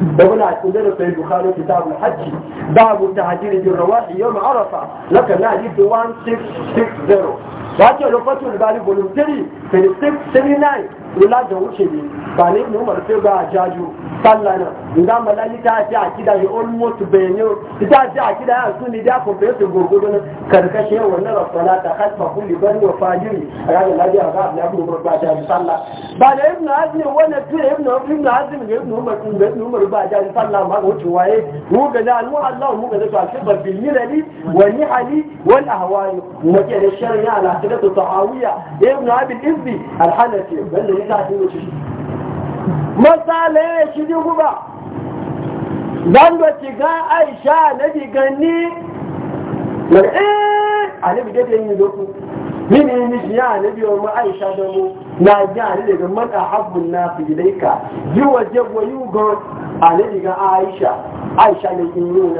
دولة عندنا في البخاري كتاب الحج باب التهجير الرواح يوم عرفة لكن حديث 1660 واتي لو فتو الباري فولوم 3 في 679 wula da wuce ne ba ne mu marfe ba a jaju sallah na nga malali ta ce a kida ya almost benyo ita ce a kida ya su ne da ko be su gurgudu na karkashe wannan rabbana ta khalfa kulli bari wa fajiri raga ladi a ga ya kuma ba ta sallah ba da ibn azmi wala fi ibn ibn azmi ga ibn umar ibn ibn umar ba ta sallah ma wuce waye mu ga da almu Allah mu ga da ta shibar bil milali wa nihali wal ahwani mu ke da shari'a ala hadatu tahawiya ibn abi izbi al hanafi wanda ne ta ce wuce shi masala ya shi ji guba zan da ci ga aisha na bi gani na eh a na bi gade yin doku mini yi mishi ya na biyo ma aisha da mu na ji a daga man a habbun na fi gidaika ji waje wa yi ga a na bi ga aisha aisha na kin yi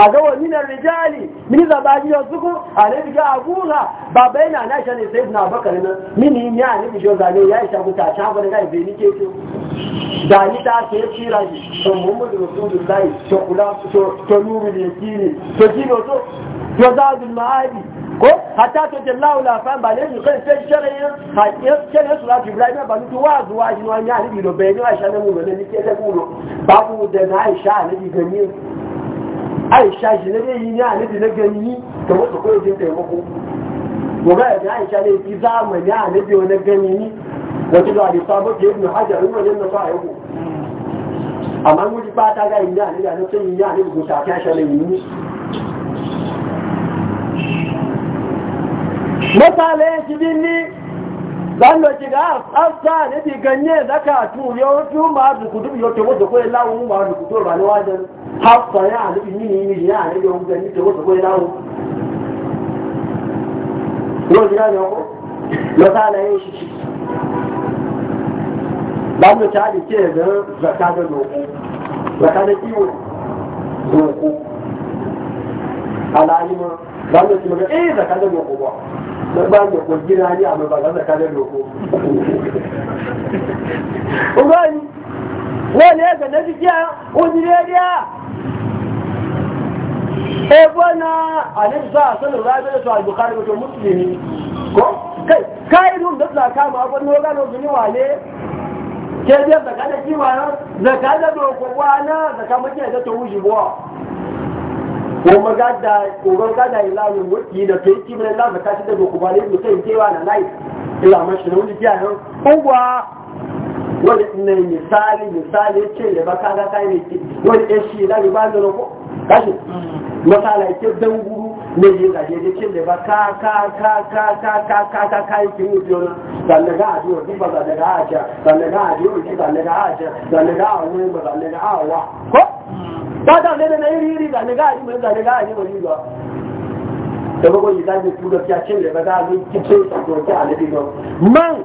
a ga wa minar rijali min zabaji ya zuku a ne biga abuha baba yana na shi ne sai ibn abakar nan mini ya ne bijo zane ya isha guta ta ba da kai bai ni ke to da ni ta ke tsira ji to muhammadu rasulullahi to kula to to nuru ne kini to kino to to zadul ma'adi ko hatta to jallahu la fa ba ne su kan sai shari'a hakiyar shari'a su lati ibrahim ba ni wa zuwa ji no ya ni bido bai ni aisha ne mu ne ni ke ta kuro babu da na aisha ne bi gani aisha shi na dai yi ne a nabi na gani da wasu kawai jin taimako gobe da aisha ne fi zamani a nabi wani gani wata da alisa ba ke ibn hajar in wajen na sa yau amma in wuce fata ga yi ne a nabi a nabi yi ne a nabi gusa ta shi ne yi Masala shi bin ni zan da ki ga afta ne bi ganye zakatu yau tu ma du kudu yau to wato ko lawo ma du kudu ranuwa wajen. haka ya alibi mini na ya alibi a ebona anin za a sanin rabin su al-bukhari wato musulmi ko kai ka'idun da za ka ma wannan gano gini wale ke zaka da kiwa na zaka da doko wana zaka muke da to wuji bo ko magada ko magada ilalu wuki da to yi Allah zaka da doko bale mu kewa na lai ila mashi ne wuji ya ko ba wani ne misali misali ce da baka kaga kai ne wani ɗan shi da ba da ko kashi misala ke dan guru ne yi da je ce da baka ka ka ka ka ka ka ka kai ki mu biyo na dan daga a biyo ki ba da daga a ja dan daga a biyo ki dan daga a ja dan daga a wani ba dan daga a wa ko ba da ne na iri yiri dan daga a ji dan daga a ji ba da ba ko yi da ku da kya ce da ba da ni ki ce a man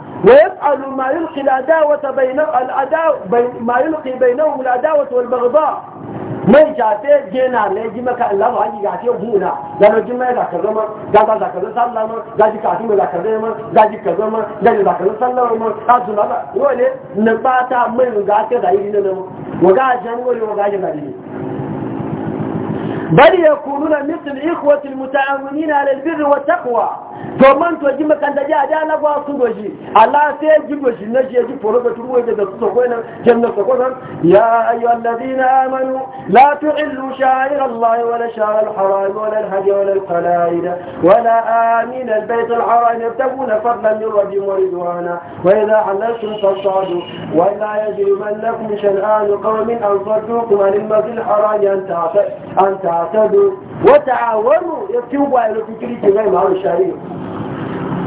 ويفعل ما يلقي العداوة بين العداوة بين ما يلقي بينهم العداوة والبغضاء ما يجاتي جينا لجي كان الله هاي يجاتي وبونا لأنه جي ما يذكر ما جاتا ذكر صلى ما جاتي كاتي ما ذكر ما جاتي كذا ما جاتي ذكر صلى ما أزنا ما هو اللي نباتا ما يجاتي غير لنا ما وجاتي ما هو اللي بل يكونون مثل إخوة المتعاونين على البر والتقوى to man to ji makanda ja ja na kwa su doji Allah sai ji doji na ji ji foro da turuwa da su sokoi nan janna sokoi nan ya ayyuhal ladina amanu la tu'illu sha'ira Allah wa la sha'ira al-haram wa la al-hadi wa la al-qalaid wa la amin al-bayt al-haram yabtaguna fadlan min rabbihim wa ridwana wa idha halaltum fasadu wa la yajrimannakum shan'an qawmin an saddukum an al-masjid al-haram an ta'tadu an ta'tadu wa ta'awanu yaftu wa yaftu kiri kirai al shari'a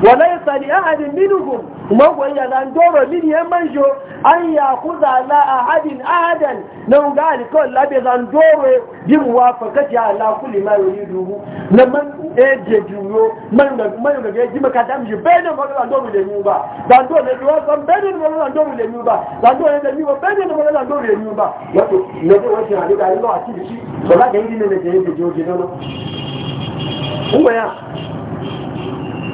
wala ya sani ahadin minuhun kuma kuwa yana da doro mini yan manjo an ya ku zala ahadin ahadan na ga alikawar labe zan doro bin wafa kaji ala kuli ma yi dubu na man eje juro man da man da ya ji maka da mu be ne ba zan doro da mu ba zan doro da wa zan be ne ba zan doro da mu ba zan doro da mu ba be ne ba zan doro da mu ba wato ne da wani da Allah a ci da shi ba ga yi ne ne da yake jojo na ku ya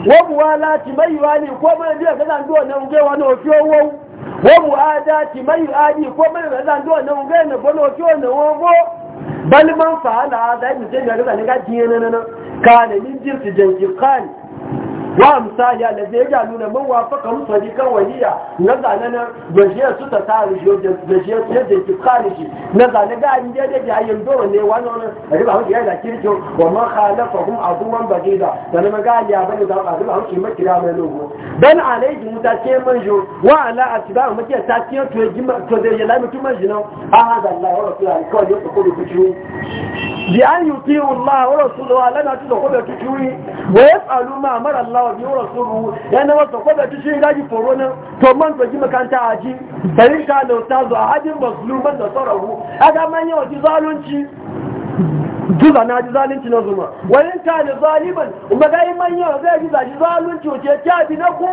wọ́n bu ala ti mayi wa kó mẹ́rin bí ọ̀gá ń dúró náà ń gé wọn náà fi owó wọ́n bu ada ti mayi wa ni kó mẹ́rin ọ̀gá ń dúró náà ń gé ẹ̀nà baliman fa'ala da ibn jami'a ga zalika jiyan nan wa misali da zai ga nuna man wafaka mu sadiqan waliya na zananan gajiyar su ta tare shi gajiyar su yadda ki kare shi na zane ga in dai da yayin dole ne wani wani riba hu da kirkin wa man khalafahum aduwan bagida dan ma ga ya bane da ba riba hu ki makira mai logo dan alaihi mutace man jo wa ala atiba mu ke ta tiyo to ji to da ya lami tuma jina aha da Allah wa rasul ko ne ko ko ku bi an yuti Allah wa rasul wa lana tu ko da ku ku wa yasalu ma amara Allah wa biyu rasulu yana wasu kwada ta shi gaji foro nan to man zoji makanta a ji sayin ka da wata zuwa hajjin musulman da saurahu a ga man yawa ji zalunci zuza na ji zalunci na zuma wani ta da zaliban magayi man yawa zai ji zaji zalunci wuce kyafi na ku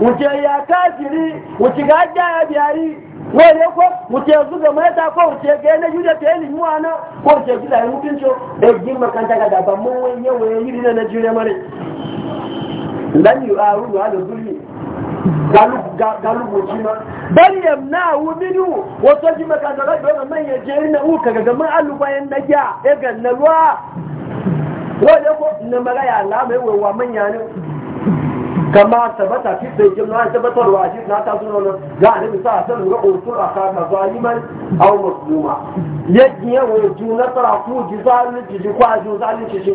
wuce ya kafiri wuce ga ya biyari wani ko wuce zuga mai ta ko wuce ga yana yuda ta yi muwa na ko wuce gida ya mutunci da yi makanta ga daban mun wani yawa ya yi na jure mare lan yi aru da hada zulmi galubu jima na yamna'u minhu wato jima ka da rabbi wannan man yaje na u kaga gaman alu na da ya e gannalwa wanda ko na magaya Allah mai wawa manya ne kama tabbata fi da jima tabbatar wa ji na ta suna nan ga annabi sa san ga usul akaka zaliman aw mazluma yaji yawo ju na tara ku ji zalunci ji kwa ju zalunci ji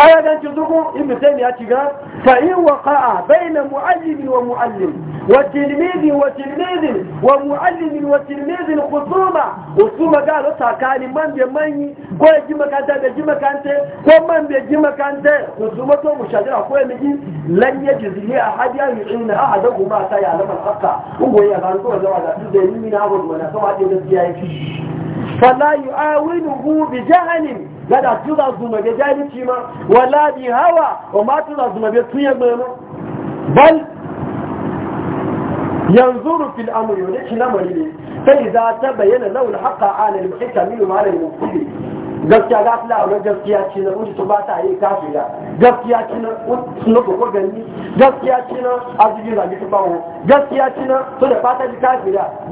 kaya dan ci zugu ibn ya ci ga فإن وقع بين معلم ومعلم وتلميذ وتلميذ ومعلم وتلميذ خصومة خصومة قالوا تاكاني من بمن كوي جيما كانت بجيما كانت كو من بجيما كانت خصومة مشاجرة كوي مجي لن يجز لي أحد يعين أحدهما سيعلم الحق هو يغانطو زوالا تزيني من أول مناسبة فلا يعاونه بجهل لا تزعزم بجهل ولا بهوى وما تزعزم بجهل tuye gbẹ̀rẹ̀ bal shi ne sai za ta bayyana laul haka alal muhita gaskiya ga fila wani gaskiya ce na wuce ba ta yi kafira gaskiya ce na suna koko gani gaskiya ce na azubin zagi ta bawo gaskiya ce na da fata ji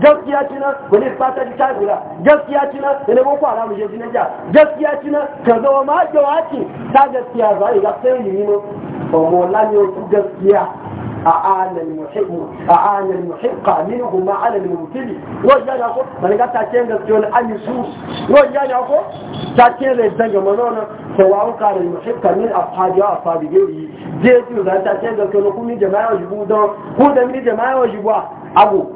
gaskiya ce na wani fata ji gaskiya ce na da nemo kwara mu je gaskiya ce ka zama ma ta gaskiya za a yi ba mola ne gaskiya a anan muhimmu a min kuma anan mutili wani ya yako ba ta ce gaskiya wani ami wani ya yako ta ce da daga manona sawawu kare muhimka min afhadi wa afhadi gari je ji da ta ce gaskiya jama'a da mi jama'a abu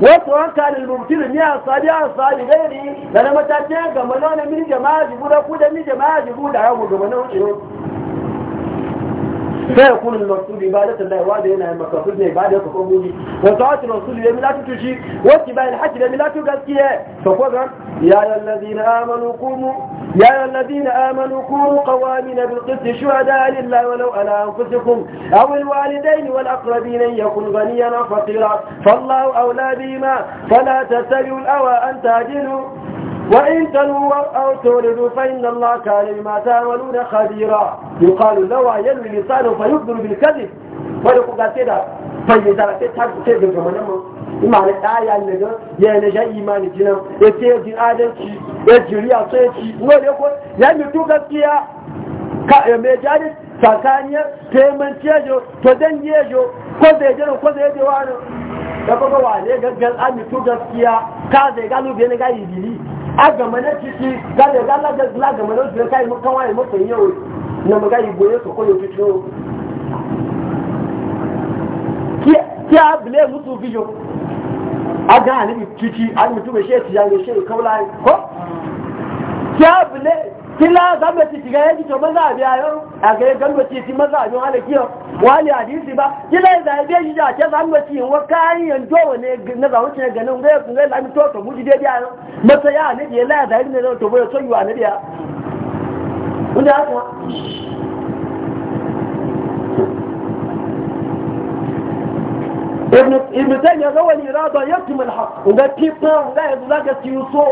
wasu a sadi a sadi gairi da na matace ga mana na jama'a ku da mini jama'a jibu da ya gudu mana فيكون المقصود عبادة الله وعد هنا المقصود عبادة قبولي وطاعة الرسول لم لا تشي واتباع الحج لم لا تقسيه فقال يا الذين آمنوا قوموا يا الذين آمنوا كونوا قوامين بالقسط شهداء لله ولو على أنفسكم أو الوالدين والأقربين إن يكن غنيا فقيرا فالله أولى بهما فلا تتبعوا الأوى أن تعدلوا وإن تلو أو تولد فإن الله كان لما تاولون خبيرا يقال لو يلوي لسانه فيبدل بالكذب ويقول لا كده فإذا تتحق تبدل من أمه إما الآية النجاة يعني جاء إيمان الجنم يتيج الآدم شيء يجري أصير شيء نقول يقول يعني توقف فيها كأمي sakaniya payment jejo to dan jejo ko zai jero ko zai je wani da kuma wane gaggal ami to gaskiya ka zai galu bi ne ga yi bili agama na titi gada gala da gala gama na titi kai muka waye muka yau na muga igbo ya so koyo titi o ki a bile mutu a aga ani titi ani mutu be she ti ya ni she ko ko ki a bile kila zamba ci shiga yanki to maza a biya yau a ga gamba ci ci maza a biyan halaki yau wali hadisi ba kila da ya biya shi a ce zamba ci wa kayan yanzu wane na zawuce ganin ga kun ga lami to to muji dai biya yau masa ya ne ya la da ne to boye to yi ne biya inda haka ibn ibn taymiyyah ga wani irada yakmul haqq ga kifa ga yanzu zaka ci so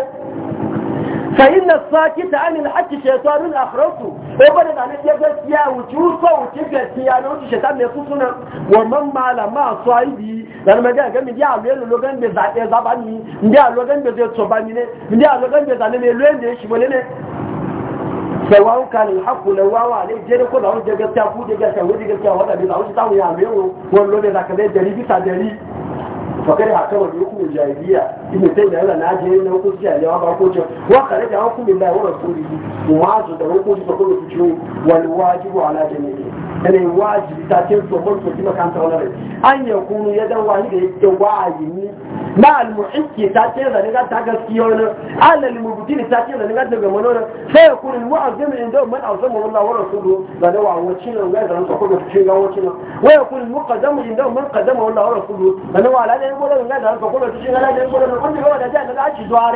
ka anyị na-esụta aka ịka anyị na achịcha eto arụ na akrotu egbere ga nee egbe tine wụchisọ uche ka etinye arụ ochiche ka na esutụ na wụra ma na masụ bi na mdị alụ elu ngoez dị a ọ ndị alụelu eny chi ony e fakari a kawai da hukumar jahiliya ina sai da yana na je na hukunci jahiliya ba hukuncin wa kare da hukumin da ya wani ma su da hukunci da kuma su ciwo wani wajibu ala ne. ẹni wáàjì ta ce ó tó mọ́ kan tọ́lọ́ rẹ̀ an yẹ kunu ya dan wani da yake wa'ayi ni na almu'ikki ta ce da ni ga ta gaskiyo ne alal mubtili ta ce da ni ga daga mano ne sai ya kunu mu'azzim inda man awsamu Allah wa rasuluhu da da wawacin ne ga zan ko ko cin ga wacin wa ya kunu muqaddam inda man qaddama Allah wa rasuluhu da na wala ne ko da ga zan ko ko cin ga da ko da ko da da da da ci zuwa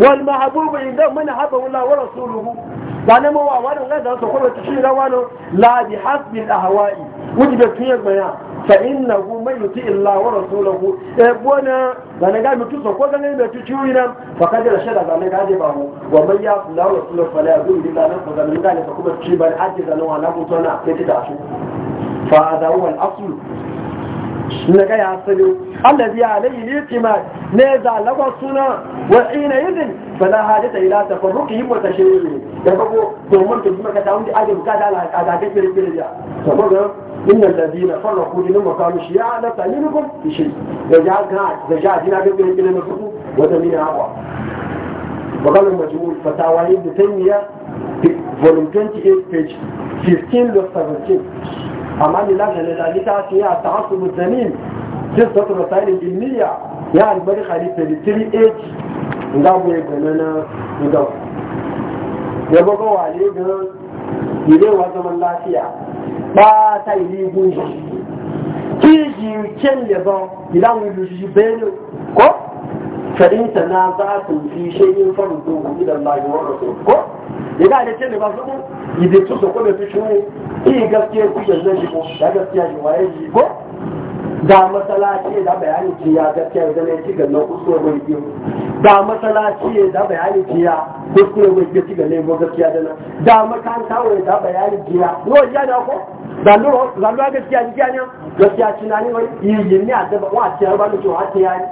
wal mahbubu inda man habba Allah wa rasuluhu wani mawa wani wani da su kuma ta shira wani la bi hasbi ahwa'i wuji da tuye maya fa innahu man yuti illa wa rasulahu e bona wani ga mutu so ko ganin da tuci wina fa kada rashada da ne ga de bawo wa man ya la rasulahu fa la yadu illa na ko ganin da ne fa kuma ci bar aji da nawa na mutu na sai ta shi fa hada huwa al-asl na ga ya sani allazi alayhi litimad ne za lagwa suna wa ina yidin fala hajata ila tafarruqihim wa tashrihihim يقول دومن تجمع كتاون دي أجل كذا على كذا كذا كذا كذا فبقى إن الذين فرقوا دينهم وقالوا شيعا لا تأمينكم في شيء رجال كان رجال دين أجل كذا كذا نفسه ودمين أقوى وقال المجموع الفتاوى ابن تيمية فولوم 28 page 15 لو 17 أما لله لذلك فيها التعصب الزمين جزء الرسائل العلمية يعني بريخ عليه 38 نقابل بنانا نقابل ya baga wale ga yirewa zaman lafiya ba ta yi libu ki ji ken ya ba idan wulu ji bene ko fadin na za su fi shi shayin farin to ku idan ba yi wannan ko ya ga da ken ba su ku idan su ko da su ki gaskiya ku da zai ko da gaskiya ji waye ji ko da matsala ce da bayani ki ya gaskiya da ne ki ga na usul biyu da masalaci ya da bayani jiya ko kuma mai ke ci gane ba gaskiya da nan da makaranta wa da bayani jiya no ya da ko zallo zallo gaskiya jiya ne gaskiya tunani wai yi ne a da wa ci ba da to ha ci yayi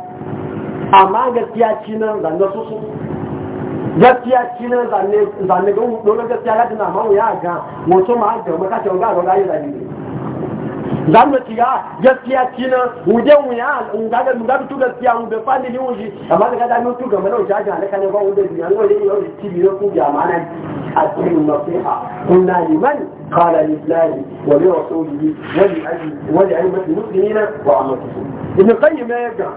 amma gaskiya ci nan zallo su su gaskiya ci nan zanne ga ga na gaskiya ya dina ma ya ga wato ma ga makata ga ga yi zallo zan da tiya gaskiya kina wuje wuya ga da ga tu gaskiya mu be fani ni wuji amma daga da mu tu ga mana wuce ga halaka ne ba wanda biya wanda ne yau ci biyo ku ga mana addinin nasiha kunna liman qala lillahi wa li rasulihi wa li ajli wa li ayyati muslimina wa amatuhu ibn qayyim ya ga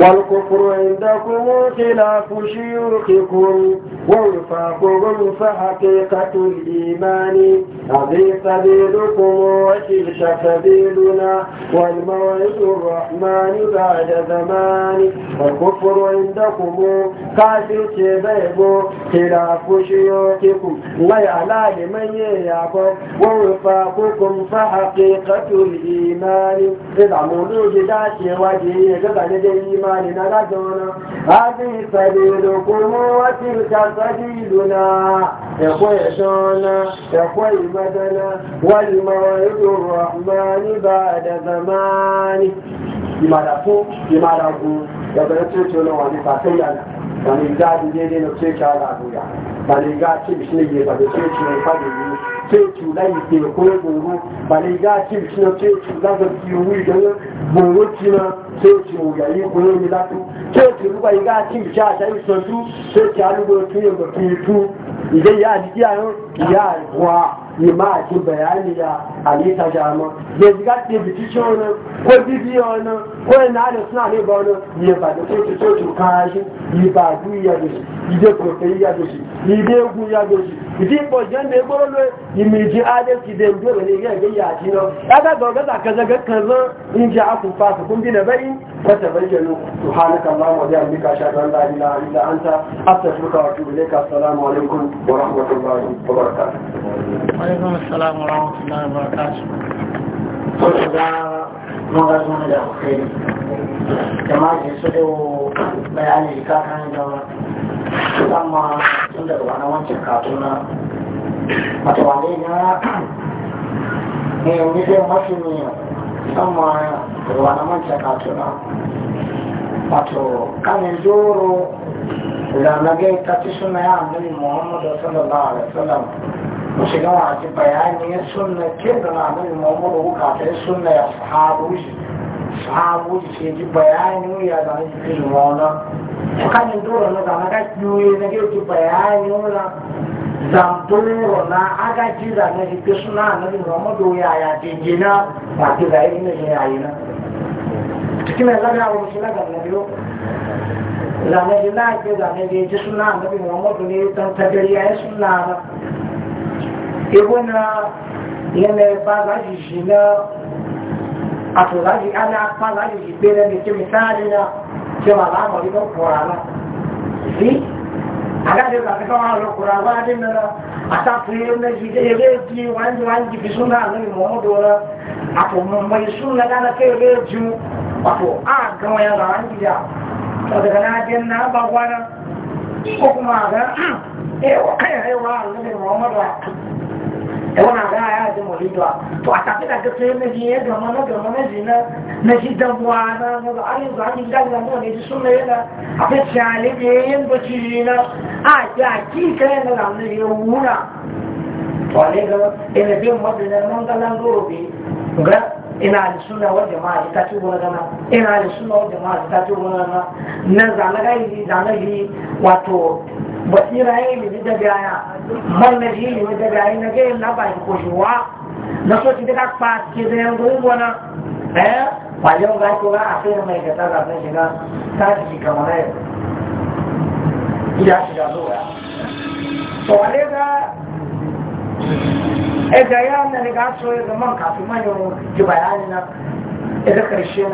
والكفر عندكم خلاف شيوخكم والفاق عنف حقيقة الإيمان هذه سبيلكم وتلك سبيلنا والموعد الرحمن بعد زمان والكفر عندكم كافر تبيب خلاف شيوخكم ويعلى لمن يعبر ووفاقكم فحقيقة الإيمان إذا مولود داشي وجهي قد عدد إيماننا لدونا هذه سبيلكم وتلك سبيلنا يقوى شعنا يقوى مدنا والموعد الرحمن بعد زمان لما لفو لما لفو يبقى تشوفنا ونفع سيئنا ونفع سيئنا ونفع سيئنا ونفع سيئنا ونفع سيئنا ونفع سيئنا ونفع سيئنا tẹ́ẹ̀tù láì pè kó gbòòrò bàlẹ̀ ìyá àti ìṣúná tẹ́ẹ̀tù láti fi owó ìdáná gbòòrò jìnnà tẹ́ẹ̀tù òyà yìí kó lómi látó tẹ́ẹ̀tù rúbà ìyá àti ìṣá àṣà ìṣọ́jú tẹ́ẹ̀tù alúgbò tún yẹ̀ mọ̀ kí n tú ìdẹ́yà àdìgí àrùn ìyá yi ma a ji bayani da alita jama da ziga ce biki ce yana da suna ne ba wani yi ba da coci coci kashi yi ba du ya da shi yi da kofi ya da shi yi da egu ya da shi yi da ipo jan da ya gboro lo yi mai ji adalci da yanzu da ne ya ga ya ci na ya ga gauga da kaza ga kaza in ji aku fasa kun bi na bai ka ta bayyana subhanaka allahumma wa bihamdika ashhadu anta astaghfiruka wa atubu ilayka alaikum wa rahmatullahi wa barakatuh alaikum assalam wa rahmatullahi wa barakatuh tó ti ke su da bayani ka kan gaba musamman tun da wani wancan katuna wata wane na ne yanzu zai mafi ne musamman da wani wancan katuna wato kanin zoro da na gaita ci suna ya annabi muhammadu sallallahu alaihi wasallam shiga wasu bayani ya suna kirda na nan mamuru kafin ya suna ya sahabu shi sahabu ji bayani ya zama ji fi mona kanin dora na zama ga kiyoyi na ke ji bayani na zamdoro na aga ji da ji fi suna na nan mamuru ya ya jingina ba ki zai ina ji yayi na cikin mai na gamna biyu ji na ke zane ji suna na bi mamuru ne don tagariya ya suna na ebona yẹlẹ ba láti ṣì náà àtò láti alápá láti ṣì gbé lẹ́nu tí mi sáàrí náà tí wà láàmọ̀ nínú kùrà náà sí agáde kàfí kọ́ wọn lọ kùrà wọn adé mẹ́ra àtàkùn yẹn méjì eré ti wọn ti wọn jìbì súnà lórí mọ́mọ́dọ̀ rẹ àpò mọ̀mọ́ ìsúnà dáná kí eré ju àpò àgàn wọn yàrá wọn jìyà ọ̀dọ̀ kan adé náà bá wọn náà kókò máa rẹ ẹwà ẹwà lórí mọ́mọ́dọ̀ da wani ga ya ji muridwa to a tafi da gaske na ji ya gama na gama na ji na na ji damuwa na na ga ayin zuwa ni ganga na ne ji sunna yana a fi shale da yayin bacci na a a ki kai na da ne ya wura to ne ga ina bin madina nan ga nan gobe ga ina da suna wa jama'a da ta ci gona ina da suna wa jama'a da ta ci gona na zanagai zanagai wato basir ayi ne da gaya man na ji ne da gaya na ga na ba ko shuwa na so ti daga pa ke da yan gun gona eh ba yau ga ko ga afi mai ga ta da ban shiga ta ji kamar ai ida shiga zo ya to wale ga e ga ya na ga so ya ga man kafin man yo ji bayani na e da karshe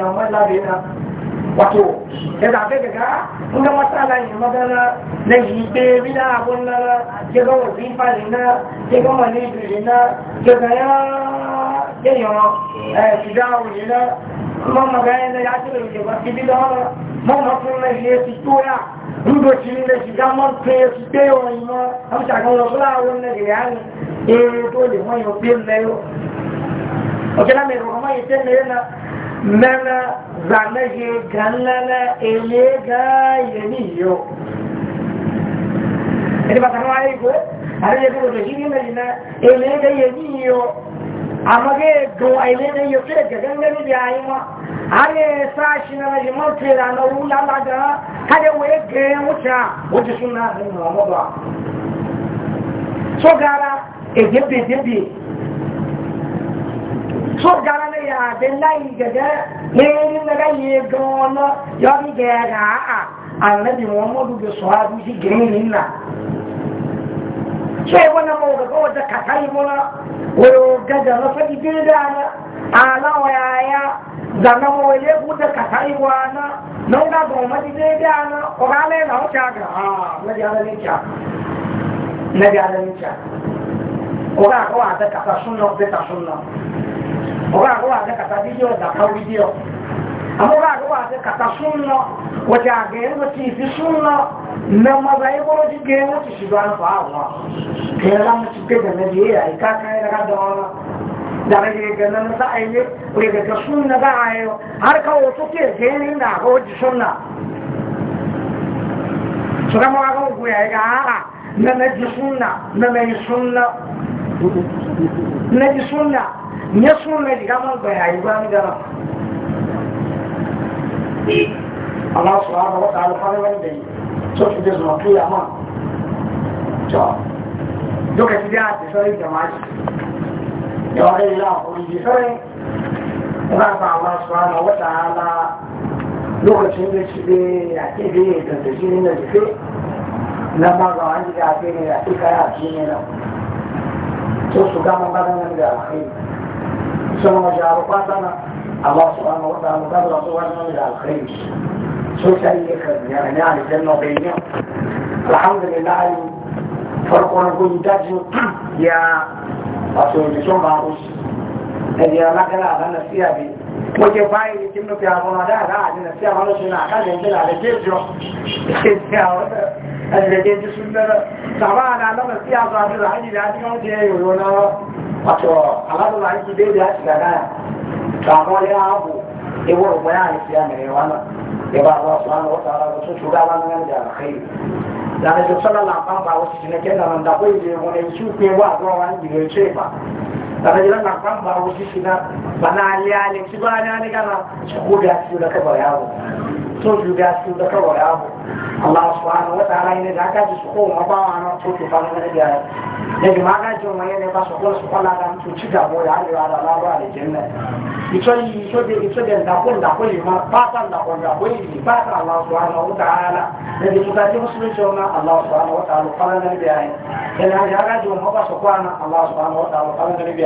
wato da zaɓe daga inda matsala ne magana na yi ɗaya abun na ya ga wazifa ne na ya ga malibu ne na ya ga ya yayawa shidawo ne na kuma magana da ya ci da yake ba bi da hana mamakon na shi ya ci toya rudoci ne shiga mamakon ya ci ɗaya wani ma hamsa kan wasu la'awun na gaya ne eh dole wani yau biyan na yau. Ok, na mai rokamai ya ce na yana gbàmẹ́jẹ gànlẹ́lẹ́ èlé gáyẹ̀ ní ìyọ́ ẹni bàtà wọ́n ayé kó àríyẹ tó rọ̀tọ̀ yìí mẹ́rin náà èlé gáyẹ̀ ní ìyọ́ àmọ́gẹ́ ẹ̀dùn èlé gáyẹ̀ tó gẹ̀gẹ́gẹ́ níbi ayé wọn ayé sáàṣì náà yìí mọ́ tẹ̀lé àná owó lálága káde wọ́n yẹ gẹ̀ẹ́ wọ́n tẹ̀ wọ́n ti sún náà nínú ọmọdọ̀ so gara na ya abin layi gaga merin na ga yi ga wani ya bi ga ya ga a'a annabi muhammadu ga sahabu shi girmin na ce wani mawuga ga wata kakari muna wani gaga na faɗi bai da na ala wa yaya da na mawale buɗe kakari wa na na wuga ga wani bai da na ọba àgọ́ wa ṣe kàtà fídíò dàkà fídíò àmọ́ ọba àgọ́ kàtà súnmọ́ wọ́n àgẹ́ ti fi súnmọ́ na maza ti gẹ́ ti ṣùgbọ́n àǹfà àwọn ẹ̀rọ láti ti gbé 你出来，你干嘛去？你干么去了？你，阿拉说啊，我打到跑那边去，做清洁工啊，妈，叫，你可听见？你说的他妈的，你娃给你讲，我给你说的，没办法，阿拉说啊，我打那，你可听见？清洁员天天在那，一天到晚天天那，做暑假工，把他们给拉黑了。سمو جارقاتنا الله سبحانه وتعالى مقابل صورنا من الخير شو سيئ يعني يعني الجنة بينهم الحمد لله فرقنا كل تجو يا رسول جسوم معروس هذه لكن أنا فيها بي وكفاية يتم في رمضان لا عندنا فيها ولا شنو أقل عندنا على جيجو الذي جسمنا طبعا أنا فيها صاحب العجل عندي ما تيجي ولا wato alamu na aiki dai da ya shiga gaya kamar ya abu ya wuri mai aiki ya mai wannan ya ba za su hana wata ala wasu shugaba na yan jara kai da na shi sallar lambar ba wasu shi na kenan da kwai je wa zuwa wani gido ya Sakajiran na kwan ba wasu shiga na na aliyali ci ba na ni gana ci ko da su da kaba yawo. So ju da su da yawo. Allah subhanahu wa ta'ala ne da aka ji su ko ma ba wa na to to ba da ya. Ne ma ga ji ma yana ba su ko su da su ci da da Allah ba jinna. yi de de da ko da ko ma ba ta da ko da ko yi ba ta Allah subhanahu wa ta'ala. Ne ji na ga ga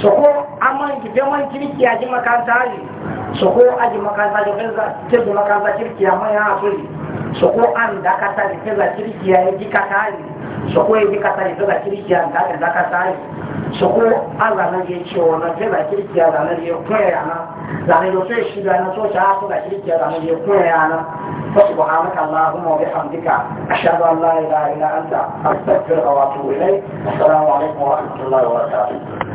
soko aman ki be man ki aji makanta ali soko aji makanta jo keza te do makanta ki ama ya asuli soko an da kata ni keza ki ya ji kata ali soko e ji kata ni keza ki an da da kata ali soko ala na ye cho na keza kirki ki ala na ye ko ya na da ne do sai shi da na so ta ko da kirki ki ala na ye ko ya na fa subhanaka allahumma wa bihamdika ashhadu an la ilaha illa anta astaghfiruka wa atubu ilayk assalamu alaikum wa rahmatullahi wa barakatuh